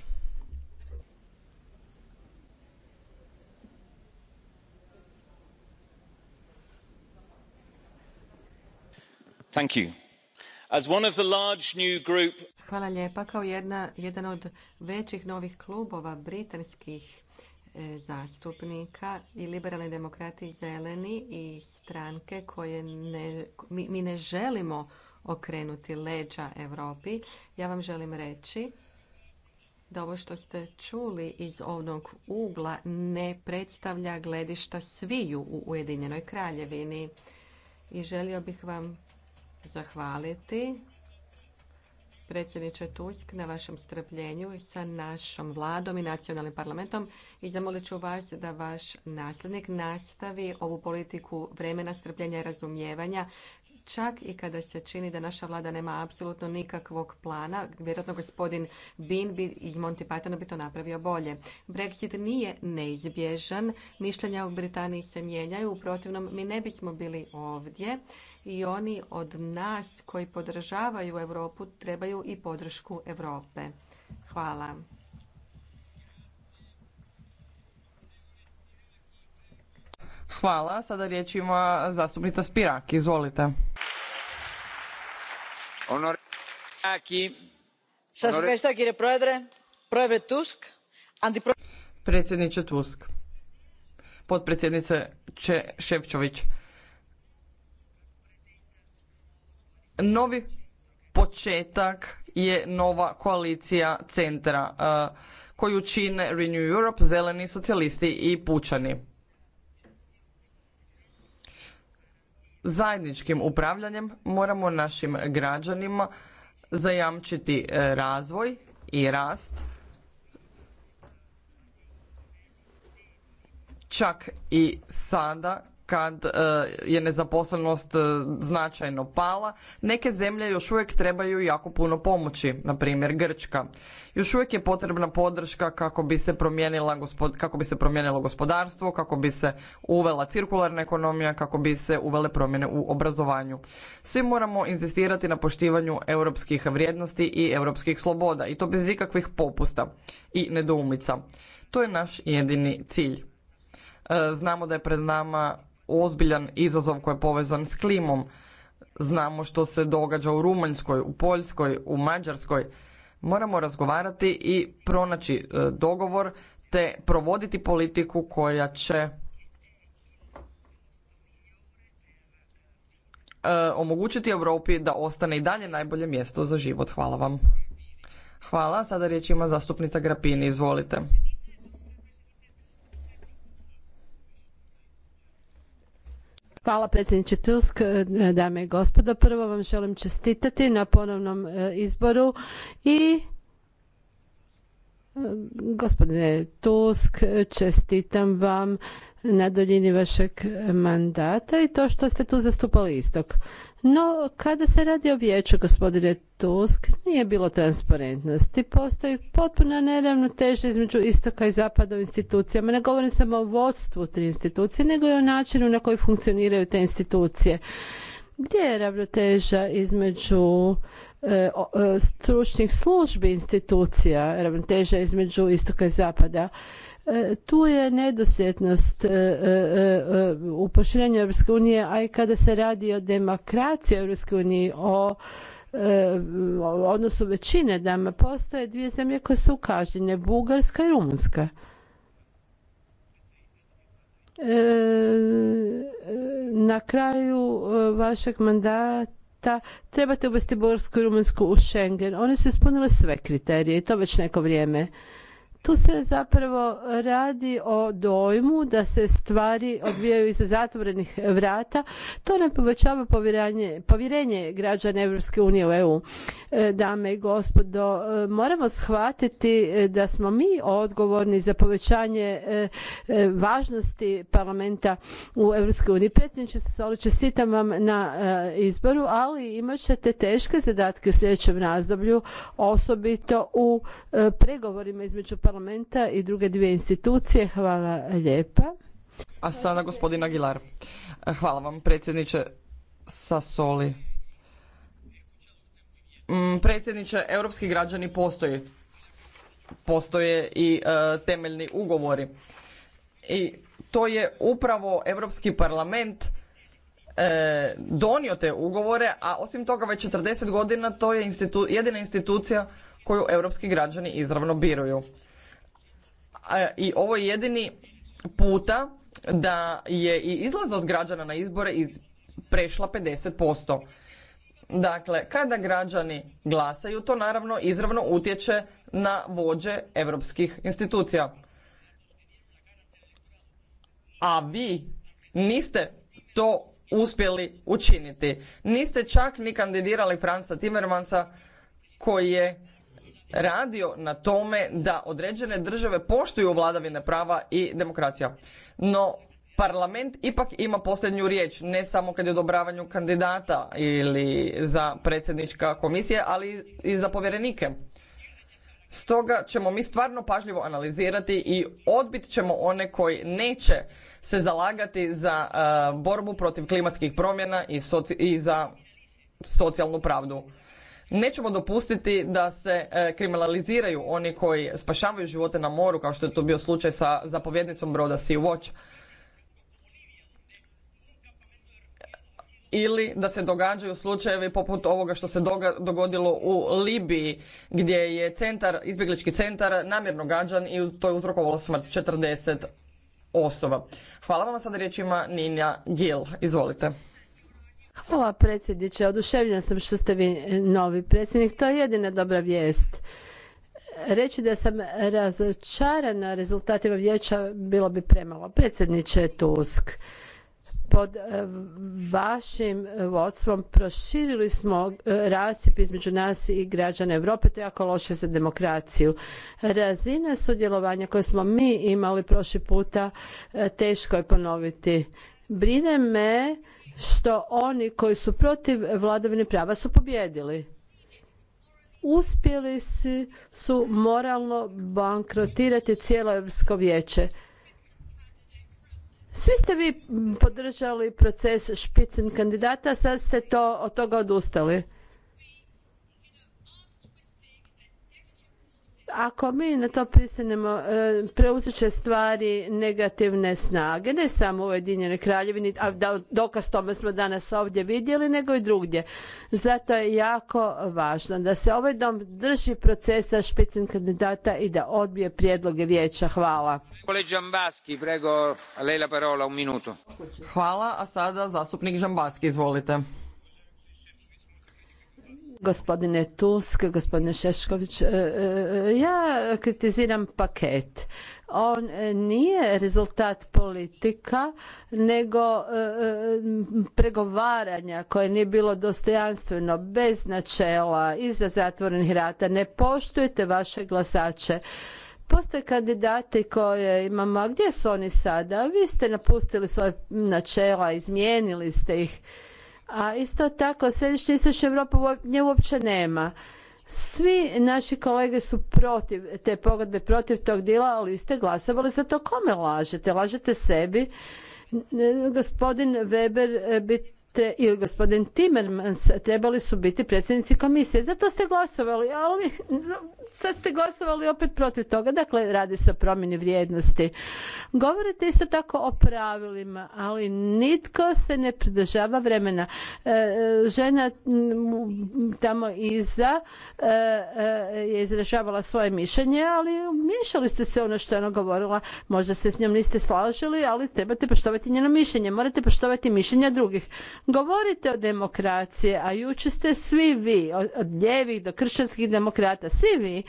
Hvala lijepa. Kao jedan od većih novih klubova britanskih e, zastupnika i liberalni demokrati zeleni i stranke koje ne, mi, ne želimo okrenuti leđa Europi, ja vam želim reći da ovo što ste čuli iz ovnog ugla ne predstavlja gledišta sviju u Ujedinjenoj kraljevini. I želio bih vam zahvaliti predsjedniče Tusk na vašem strpljenju sa našom vladom i nacionalnim parlamentom i zamolit ću vas da vaš nasljednik nastavi ovu politiku vremena, strpljenja i razumijevanja čak i kada se čini da naša vlada nema apsolutno nikakvog plana, vjerojatno gospodin Bin bi iz Monty bi to napravio bolje. Brexit nije neizbježan, mišljenja u Britaniji se mijenjaju, u protivnom mi ne bismo bili ovdje i oni od nas koji podržavaju Europu trebaju i podršku Europe. Hvala. Hvala. Sada riječ ima zastupnica Spirak. Izvolite. Tusk. Predsjedniče Tusk, potpredsjednice Ševčović, Novi početak je nova koalicija centra uh, koju čine Renew Europe, zeleni socijalisti i pučani. Zajedničkim upravljanjem moramo našim građanima zajamčiti uh, razvoj i rast čak i sada kad e, je nezaposlenost e, značajno pala, neke zemlje još uvijek trebaju jako puno pomoći, na primjer Grčka. Još uvijek je potrebna podrška kako bi se promijenila kako bi se promijenilo gospodarstvo, kako bi se uvela cirkularna ekonomija, kako bi se uvele promjene u obrazovanju. Svi moramo inzistirati na poštivanju europskih vrijednosti i europskih sloboda i to bez ikakvih popusta i nedoumica. To je naš jedini cilj. E, znamo da je pred nama ozbiljan izazov koji je povezan s klimom. Znamo što se događa u Rumunjskoj, u Poljskoj, u Mađarskoj. Moramo razgovarati i pronaći e, dogovor te provoditi politiku koja će e, omogućiti Europi da ostane i dalje najbolje mjesto za život. Hvala vam. Hvala. Sada riječ ima zastupnica Grapini. Izvolite. Hvala predsjedniče Tusk, e, dame i gospodo. Prvo vam želim čestitati na ponovnom e, izboru i Gospodine Tusk, čestitam vam na duljini vašeg mandata i to što ste tu zastupali istok. No, kada se radi o vijeću, gospodine Tusk, nije bilo transparentnosti. Postoji potpuna neravnoteža između istoka i zapada u institucijama. Ne govorim samo o vodstvu te institucije, nego i o načinu na koji funkcioniraju te institucije. Gdje je ravnoteža između E, e, stručnih službi institucija, ravnoteža između istoka i zapada. E, tu je nedosljednost u proširenju Europske unije, a i kada se radi o demokraciji Europske unije, o odnosu većine dama, postoje dvije zemlje koje su kažnjene, Bugarska i Rumunska. Na kraju vašeg mandata trebate uvesti Bugarsku i Rumunjsku u Schengen. One su ispunile sve kriterije i to već neko vrijeme. Tu se zapravo radi o dojmu da se stvari odvijaju iza zatvorenih vrata. To ne povećava povjerenje, povjerenje građana Europske unije u EU. E, dame i gospodo, e, moramo shvatiti e, da smo mi odgovorni za povećanje važnosti parlamenta u Europskoj uniji. Predsjedniče Soli, čestitam vam na izboru, ali imat ćete teške zadatke u sljedećem razdoblju, osobito u pregovorima između parlamenta parlamenta i druge dvije institucije. Hvala lijepa. A sada gospodin Aguilar. Hvala vam predsjedniče Sasoli. Mm, predsjedniče, europski građani postoji. Postoje i e, temeljni ugovori. I to je upravo Europski parlament e, donio te ugovore, a osim toga već 40 godina to je jedina institucija koju europski građani izravno biraju. I ovo je jedini puta da je i izlaznost građana na izbore iz prešla 50%. Dakle, kada građani glasaju, to naravno izravno utječe na vođe europskih institucija. A vi niste to uspjeli učiniti. Niste čak ni kandidirali Franca Timmermansa koji je radio na tome da određene države poštuju vladavine prava i demokracija. No, parlament ipak ima posljednju riječ, ne samo kad je odobravanju kandidata ili za predsjednička komisija, ali i za povjerenike. Stoga ćemo mi stvarno pažljivo analizirati i odbit ćemo one koji neće se zalagati za e, borbu protiv klimatskih promjena i, i za socijalnu pravdu. Nećemo dopustiti da se e, kriminaliziraju oni koji spašavaju živote na moru, kao što je to bio slučaj sa zapovjednicom broda Sea Watch. ili da se događaju slučajevi poput ovoga što se dogodilo u Libiji gdje je centar, izbjeglički centar namjerno gađan i to je uzrokovalo smrt 40 osoba. Hvala vam sada riječima Ninja Gil. Izvolite. Hvala predsjedniče, oduševljena sam što ste vi novi predsjednik, to je jedina dobra vijest. Reći da sam razočarana rezultatima vijeća bilo bi premalo. Predsjedniče Tusk, pod eh, vašim vodstvom proširili smo eh, rasip između nas i građana Europe, to je jako loše za demokraciju. Razina sudjelovanja koje smo mi imali prošli puta eh, teško je ponoviti. Brine me što oni koji su protiv vladavine prava su pobijedili. Uspjeli su moralno bankrotirati cijelo Europsko vijeće. Svi ste vi podržali proces špicen kandidata, sad ste to, od toga odustali. Ako mi na to pristanemo, e, preuzet stvari negativne snage, ne samo u Ujedinjenoj kraljevini, a dokaz tome smo danas ovdje vidjeli, nego i drugdje. Zato je jako važno da se ovaj dom drži procesa špicen kandidata i da odbije prijedloge vijeća. Hvala. Hvala, a sada zastupnik Žambaski, izvolite. Gospodine Tusk, gospodine Šešković, e, e, e, ja kritiziram paket. On nije rezultat politika, nego pregovaranja koje nije bilo dostojanstveno, bez načela, iza zatvorenih rata. Ne poštujete vaše glasače. Postoje kandidati koje imamo, a gdje su oni sada? Vi ste napustili svoje načela, izmijenili ste ih. A isto tako središnja istočna Europa nje uopće nema. Svi naši kolege su protiv te pogodbe, protiv tog dila, ali ste glasovali za to. Kome lažete? Lažete sebi? Gospodin Weber e, bi ili gospodin Timmermans trebali su biti predsjednici komisije. Zato ste glasovali, ali sad ste glasovali opet protiv toga. Dakle, radi se o promjeni vrijednosti. Govorite isto tako o pravilima, ali nitko se ne pridržava vremena. E, e, žena tamo iza e, je izražavala svoje mišljenje, ali miješali ste se ono što je ona govorila. Možda se s njom niste slažili, ali trebate poštovati njeno mišljenje. Morate poštovati mišljenja drugih. Govorite o demokraciji, a jučer ste svi vi, od ljevih do kršćanskih demokrata, svi vi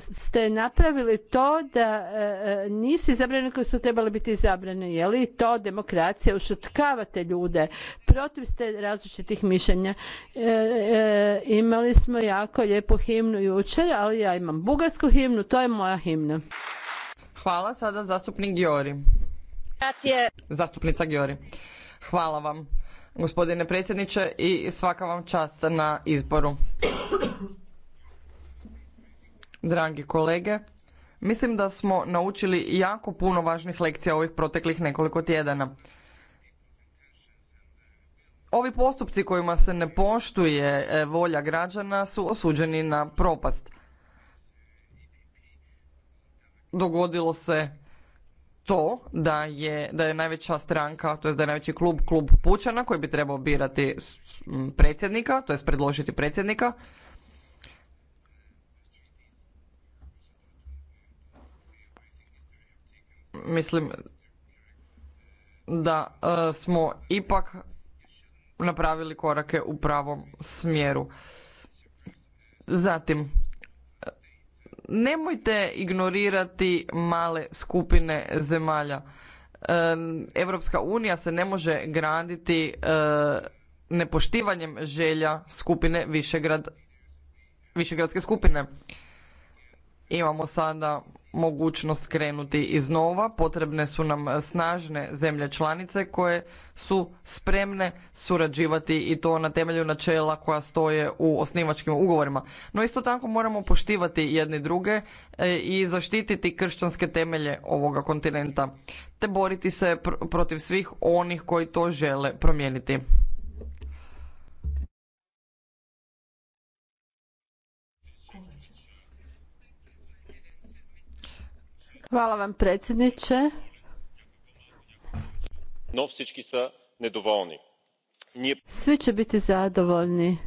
ste napravili to da e, e, nisu izabrani koji su trebali biti izabrani. Je li to demokracija? Ušutkavate ljude. Protiv ste različitih mišljenja. E, imali smo jako lijepu himnu jučer, ali ja imam bugarsku himnu, to je moja himna. Hvala. Sada zastupnik Giori. Zastupnica Hvala vam, gospodine predsjedniče, i svaka vam čast na izboru. Dragi kolege, mislim da smo naučili jako puno važnih lekcija ovih proteklih nekoliko tjedana. Ovi postupci kojima se ne poštuje e, volja građana su osuđeni na propast dogodilo se to da je, da je najveća stranka, to je da je najveći klub, klub Pučana koji bi trebao birati predsjednika, to je predložiti predsjednika. Mislim da e, smo ipak napravili korake u pravom smjeru. Zatim, nemojte ignorirati male skupine zemalja. Europska unija se ne može graditi e, nepoštivanjem želja skupine Višegrad, Višegradske skupine. Imamo sada mogućnost krenuti iznova, potrebne su nam snažne zemlje članice koje su spremne surađivati i to na temelju načela koja stoje u osnivačkim ugovorima. No isto tako moramo poštivati jedni druge e, i zaštititi kršćanske temelje ovoga kontinenta te boriti se protiv svih onih koji to žele promijeniti. Hvala vam predsjedniče. No Svi će biti zadovoljni.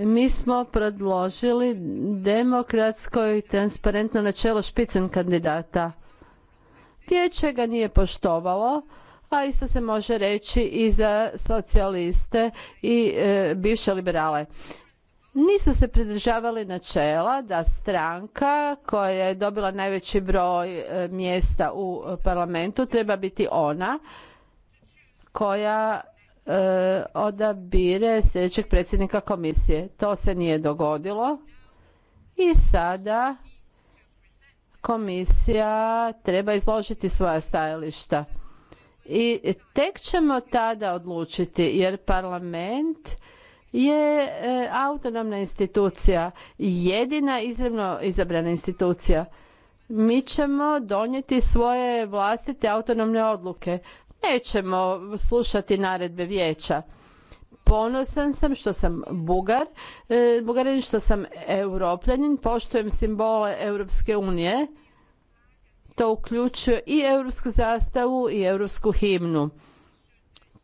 Mi smo predložili demokratsko i transparentno načelo špicen kandidata. Vijeće ga nije poštovalo, a isto se može reći i za socijaliste i e, bivše liberale nisu se pridržavali načela da stranka koja je dobila najveći broj e, mjesta u e, parlamentu treba biti ona koja e, odabire sljedećeg predsjednika komisije. To se nije dogodilo i sada komisija treba izložiti svoja stajališta. I tek ćemo tada odlučiti jer parlament je e, autonomna institucija, jedina izravno izabrana institucija. Mi ćemo donijeti svoje vlastite autonomne odluke. Nećemo slušati naredbe vijeća. Ponosan sam što sam bugar, e, bugarin što sam europljanin, poštujem simbole Europske unije. To uključuje i europsku zastavu i europsku himnu.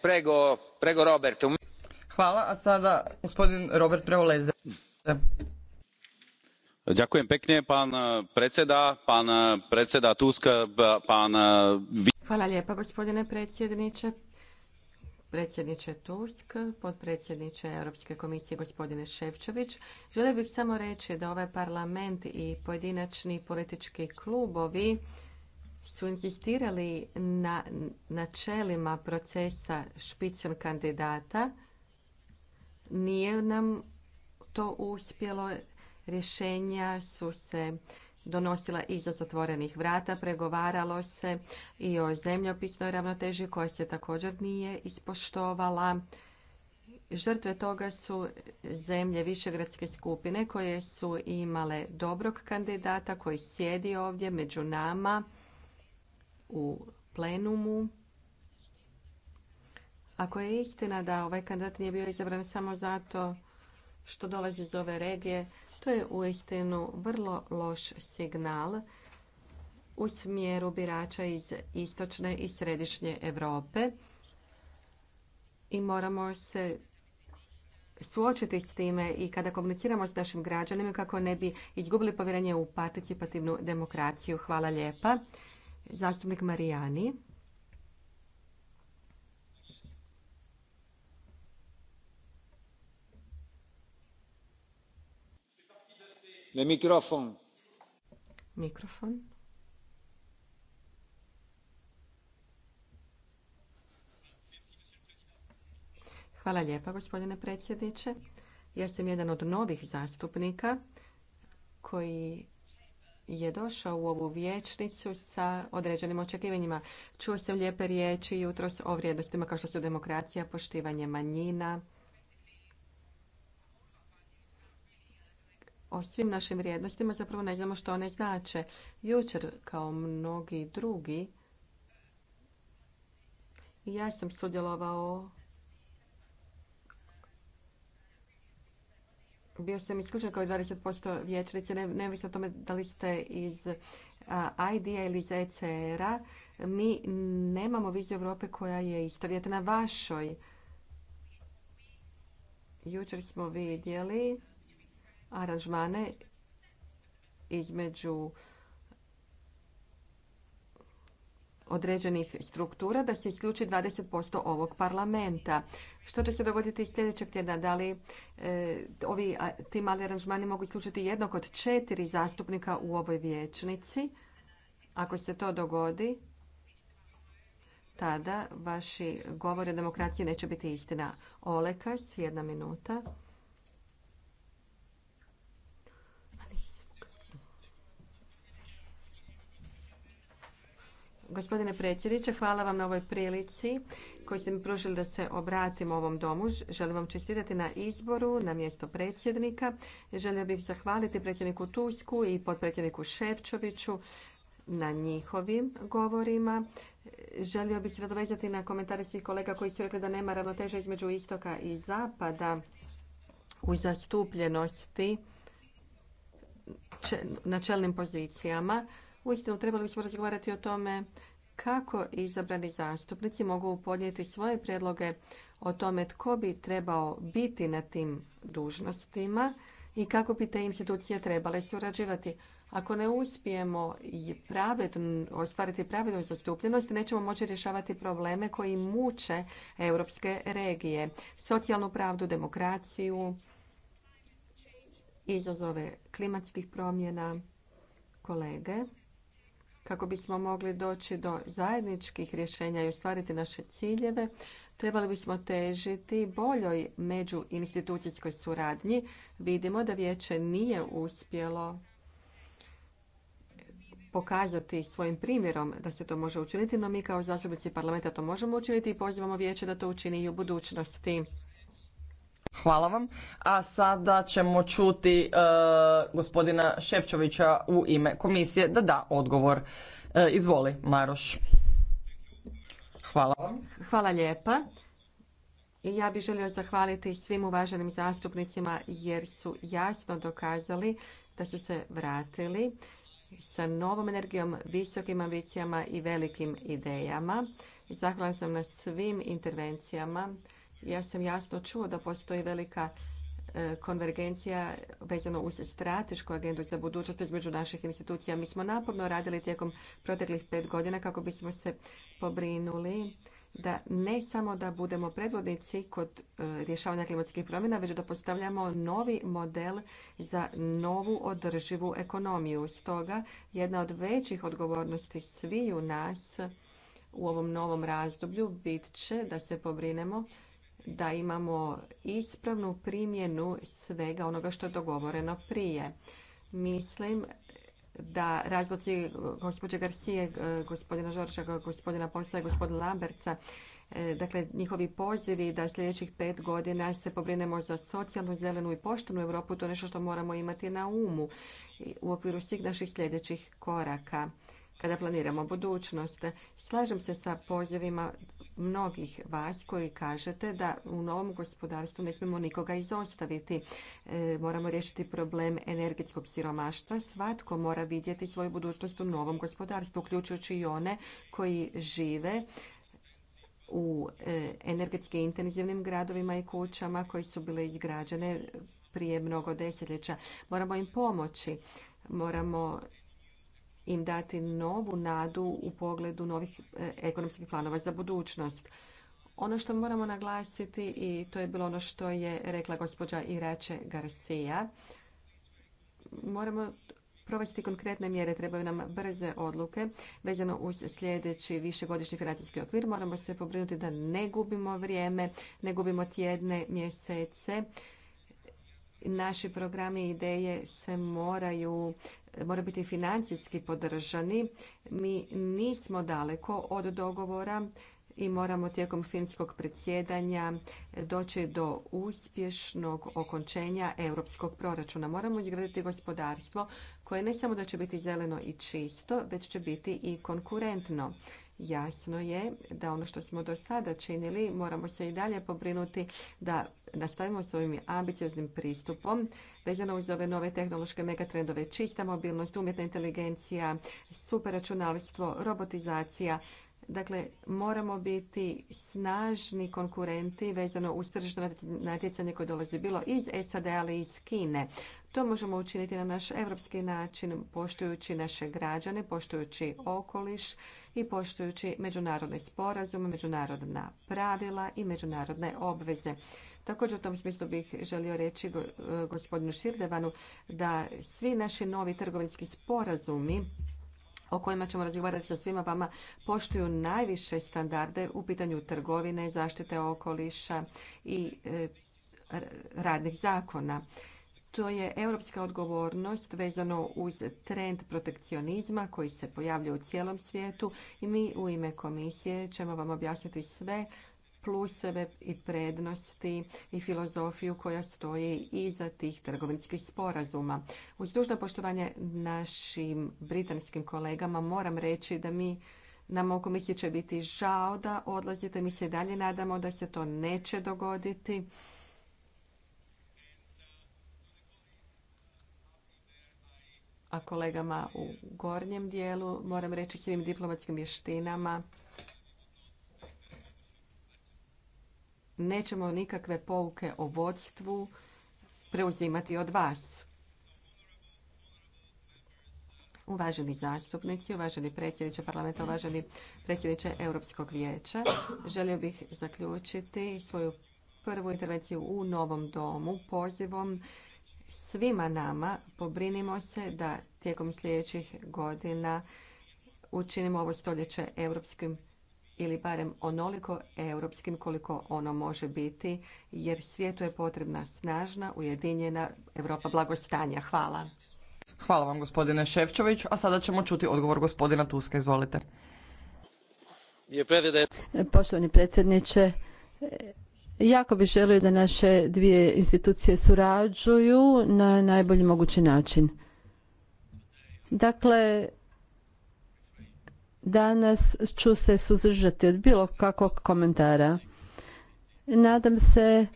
Prego, prego Robert. Hvala, a sada gospodin Robert Prevoleze. Ďakujem pekne, pan predseda, pan predseda Tuska, pan... Hvala lijepa, gospodine predsjedniče. Predsjedniče Tuska, podpredsjedniče Europske komisije gospodine Ševčević. Želio bih samo reći da ovaj parlament i pojedinačni politički klubovi su inzistirali na načelima procesa špicom kandidata. Nije nam to uspjelo. Rješenja su se donosila iza zatvorenih vrata, pregovaralo se i o zemljopisnoj ravnoteži koja se također nije ispoštovala. Žrtve toga su zemlje višegradske skupine koje su imale dobrog kandidata koji sjedi ovdje među nama u plenumu. Ako je istina da ovaj kandidat nije bio izabran samo zato što dolazi iz ove regije, to je u uistinu vrlo loš signal u smjeru birača iz istočne i središnje Europe. I moramo se suočiti s time i kada komuniciramo s našim građanima kako ne bi izgubili povjerenje u participativnu demokraciju. Hvala lijepa. Zastupnik Marijani. Le mikrofon. Mikrofon. Hvala lijepa, gospodine predsjedniče. Ja sam jedan od novih zastupnika koji je došao u ovu vječnicu sa određenim očekivanjima. Čuo sam lijepe riječi jutros o vrijednostima kao što su demokracija, poštivanje manjina, o svim našim vrijednostima zapravo ne znamo što one znače. Jučer, kao mnogi drugi, ja sam sudjelovao bio sam isključen kao 20% vječnice, neovisno o tome da li ste iz id ili iz ECR-a. Mi nemamo viziju Europe koja je istovjetna vašoj. Jučer smo vidjeli aranžmane između određenih struktura da se isključi 20% ovog parlamenta. Što će se dogoditi sljedećeg tjedna? Da li e, ovi, ti mali aranžmani mogu isključiti jednog od četiri zastupnika u ovoj vječnici? Ako se to dogodi, tada vaši govori o demokraciji neće biti istina. Olekas, jedna minuta. Gospodine predsjedniče, hvala vam na ovoj prilici koji ste mi pružili da se obratim ovom domu. Želim vam čestitati na izboru na mjesto predsjednika. Želio bih zahvaliti predsjedniku Tusku i potpredsjedniku Ševčoviću na njihovim govorima. Želio bih se nadovezati na komentare svih kolega koji su rekli da nema ravnoteže između istoka i zapada u zastupljenosti na čelnim pozicijama. Uistinu trebali bismo razgovarati o tome kako izabrani zastupnici mogu podnijeti svoje predloge o tome tko bi trebao biti na tim dužnostima i kako bi te institucije trebale surađivati. Ako ne uspijemo ostvariti pravednu zastupljenost, nećemo moći rješavati probleme koji muče europske regije. Socijalnu pravdu, demokraciju, izazove klimatskih promjena, kolege kako bismo mogli doći do zajedničkih rješenja i ostvariti naše ciljeve, trebali bismo težiti boljoj međuinstitucijskoj suradnji. Vidimo da vijeće nije uspjelo pokazati svojim primjerom da se to može učiniti, no mi kao zastupnici parlamenta to možemo učiniti i pozivamo vijeće da to učini i u budućnosti. Hvala vam. A sada ćemo čuti e, gospodina Ševčovića u ime komisije da da odgovor. E, izvoli, Maroš. Hvala vam. Hvala lijepa. Ja bih želio zahvaliti svim uvaženim zastupnicima jer su jasno dokazali da su se vratili sa novom energijom, visokim ambicijama i velikim idejama. Zahvala sam na svim intervencijama ja sam jasno čuo da postoji velika e, konvergencija vezano uz stratešku agendu za budućnost između naših institucija. Mi smo naporno radili tijekom proteklih pet godina kako bismo se pobrinuli da ne samo da budemo predvodnici kod e, rješavanja klimatskih promjena, već da postavljamo novi model za novu održivu ekonomiju. Stoga, jedna od većih odgovornosti sviju nas u ovom novom razdoblju bit će da se pobrinemo da imamo ispravnu primjenu svega onoga što je dogovoreno prije. Mislim da razloci gospođe Garcije, gospodina Žorša, gospodina Polsa i gospodina Lamberca, eh, dakle njihovi pozivi da sljedećih pet godina se pobrinemo za socijalnu, zelenu i poštenu Europu, to je nešto što moramo imati na umu u okviru svih naših sljedećih koraka kada planiramo budućnost. Slažem se sa pozivima mnogih vas koji kažete da u novom gospodarstvu ne smijemo nikoga izostaviti. E, moramo riješiti problem energetskog siromaštva. Svatko mora vidjeti svoju budućnost u novom gospodarstvu, uključujući i one koji žive u e, energetski intenzivnim gradovima i kućama koji su bile izgrađene prije mnogo desetljeća. Moramo im pomoći, moramo im dati novu nadu u pogledu novih e, ekonomskih planova za budućnost. Ono što moramo naglasiti i to je bilo ono što je rekla gospođa Irače Garcia, moramo provesti konkretne mjere, trebaju nam brze odluke vezano uz sljedeći višegodišnji financijski okvir. Moramo se pobrinuti da ne gubimo vrijeme, ne gubimo tjedne, mjesece. Naši programi i ideje se moraju moraju biti financijski podržani. Mi nismo daleko od dogovora i moramo tijekom finskog predsjedanja doći do uspješnog okončenja europskog proračuna. Moramo izgraditi gospodarstvo koje ne samo da će biti zeleno i čisto, već će biti i konkurentno. Jasno je da ono što smo do sada činili moramo se i dalje pobrinuti da nastavimo s ovim ambicioznim pristupom vezano uz ove nove tehnološke megatrendove, čista mobilnost, umjetna inteligencija, superračunalstvo, robotizacija. Dakle, moramo biti snažni konkurenti vezano uz tržišno natjecanje koje dolazi bilo iz SAD, ali i iz Kine. To možemo učiniti na naš evropski način, poštujući naše građane, poštujući okoliš i poštujući međunarodne sporazume, međunarodna pravila i međunarodne obveze. Također u tom smislu bih želio reći gospodinu Širdevanu da svi naši novi trgovinski sporazumi o kojima ćemo razgovarati sa svima vama poštuju najviše standarde u pitanju trgovine, zaštite okoliša i e, radnih zakona to je europska odgovornost vezano uz trend protekcionizma koji se pojavljuje u cijelom svijetu i mi u ime komisije ćemo vam objasniti sve pluseve i prednosti i filozofiju koja stoji iza tih trgovinskih sporazuma. Uz dužno poštovanje našim britanskim kolegama moram reći da mi nam u komisiji će biti žao da odlazite. Mi se dalje nadamo da se to neće dogoditi. a kolegama u gornjem dijelu. Moram reći svim diplomatskim vještinama. Nećemo nikakve pouke o vodstvu preuzimati od vas. Uvaženi zastupnici, uvaženi predsjedniče parlamenta, uvaženi predsjedniče Europskog vijeća, želio bih zaključiti svoju prvu intervenciju u Novom domu pozivom svima nama pobrinimo se da tijekom sljedećih godina učinimo ovo stoljeće europskim ili barem onoliko europskim koliko ono može biti, jer svijetu je potrebna snažna, ujedinjena Europa blagostanja. Hvala. Hvala vam gospodine Šefčović. a sada ćemo čuti odgovor gospodina Tuska, izvolite. Poštovani predsjedniče, Jako bih želio da naše dvije institucije surađuju na najbolji mogući način. Dakle, danas ću se suzdržati od bilo kakvog komentara. Nadam se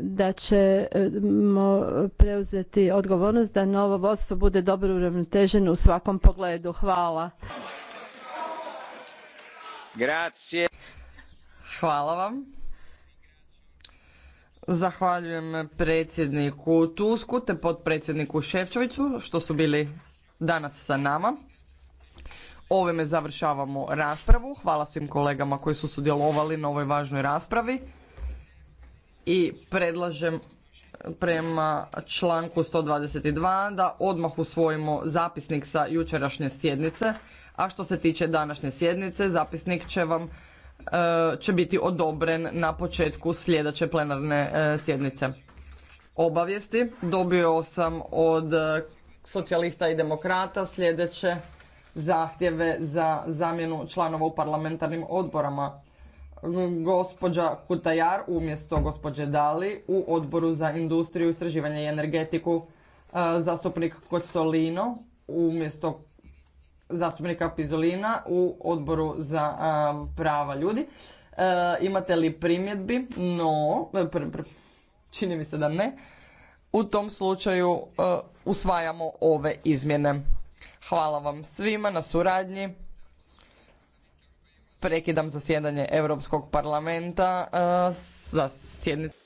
da ćemo preuzeti odgovornost da novo vodstvo bude dobro uravnoteženo u svakom pogledu. Hvala. Hvala vam. Zahvaljujem predsjedniku Tusku te potpredsjedniku Ševčoviću što su bili danas sa nama. Ovime završavamo raspravu. Hvala svim kolegama koji su sudjelovali na ovoj važnoj raspravi. I predlažem prema članku 122 da odmah usvojimo zapisnik sa jučerašnje sjednice. A što se tiče današnje sjednice, zapisnik će vam E, će biti odobren na početku sljedeće plenarne e, sjednice. Obavijesti dobio sam od e, socijalista i demokrata sljedeće zahtjeve za zamjenu članova u parlamentarnim odborama. Gospođa Kutajar umjesto gospođe Dali u odboru za industriju, istraživanje i energetiku zastupnik Kocolino umjesto zastupnika Pizolina u odboru za prava ljudi. E, imate li primjedbi? No, e, čini mi se da ne. U tom slučaju e, usvajamo ove izmjene. Hvala vam svima na suradnji. Prekidam zasjedanje Europskog parlamenta za sjednicu.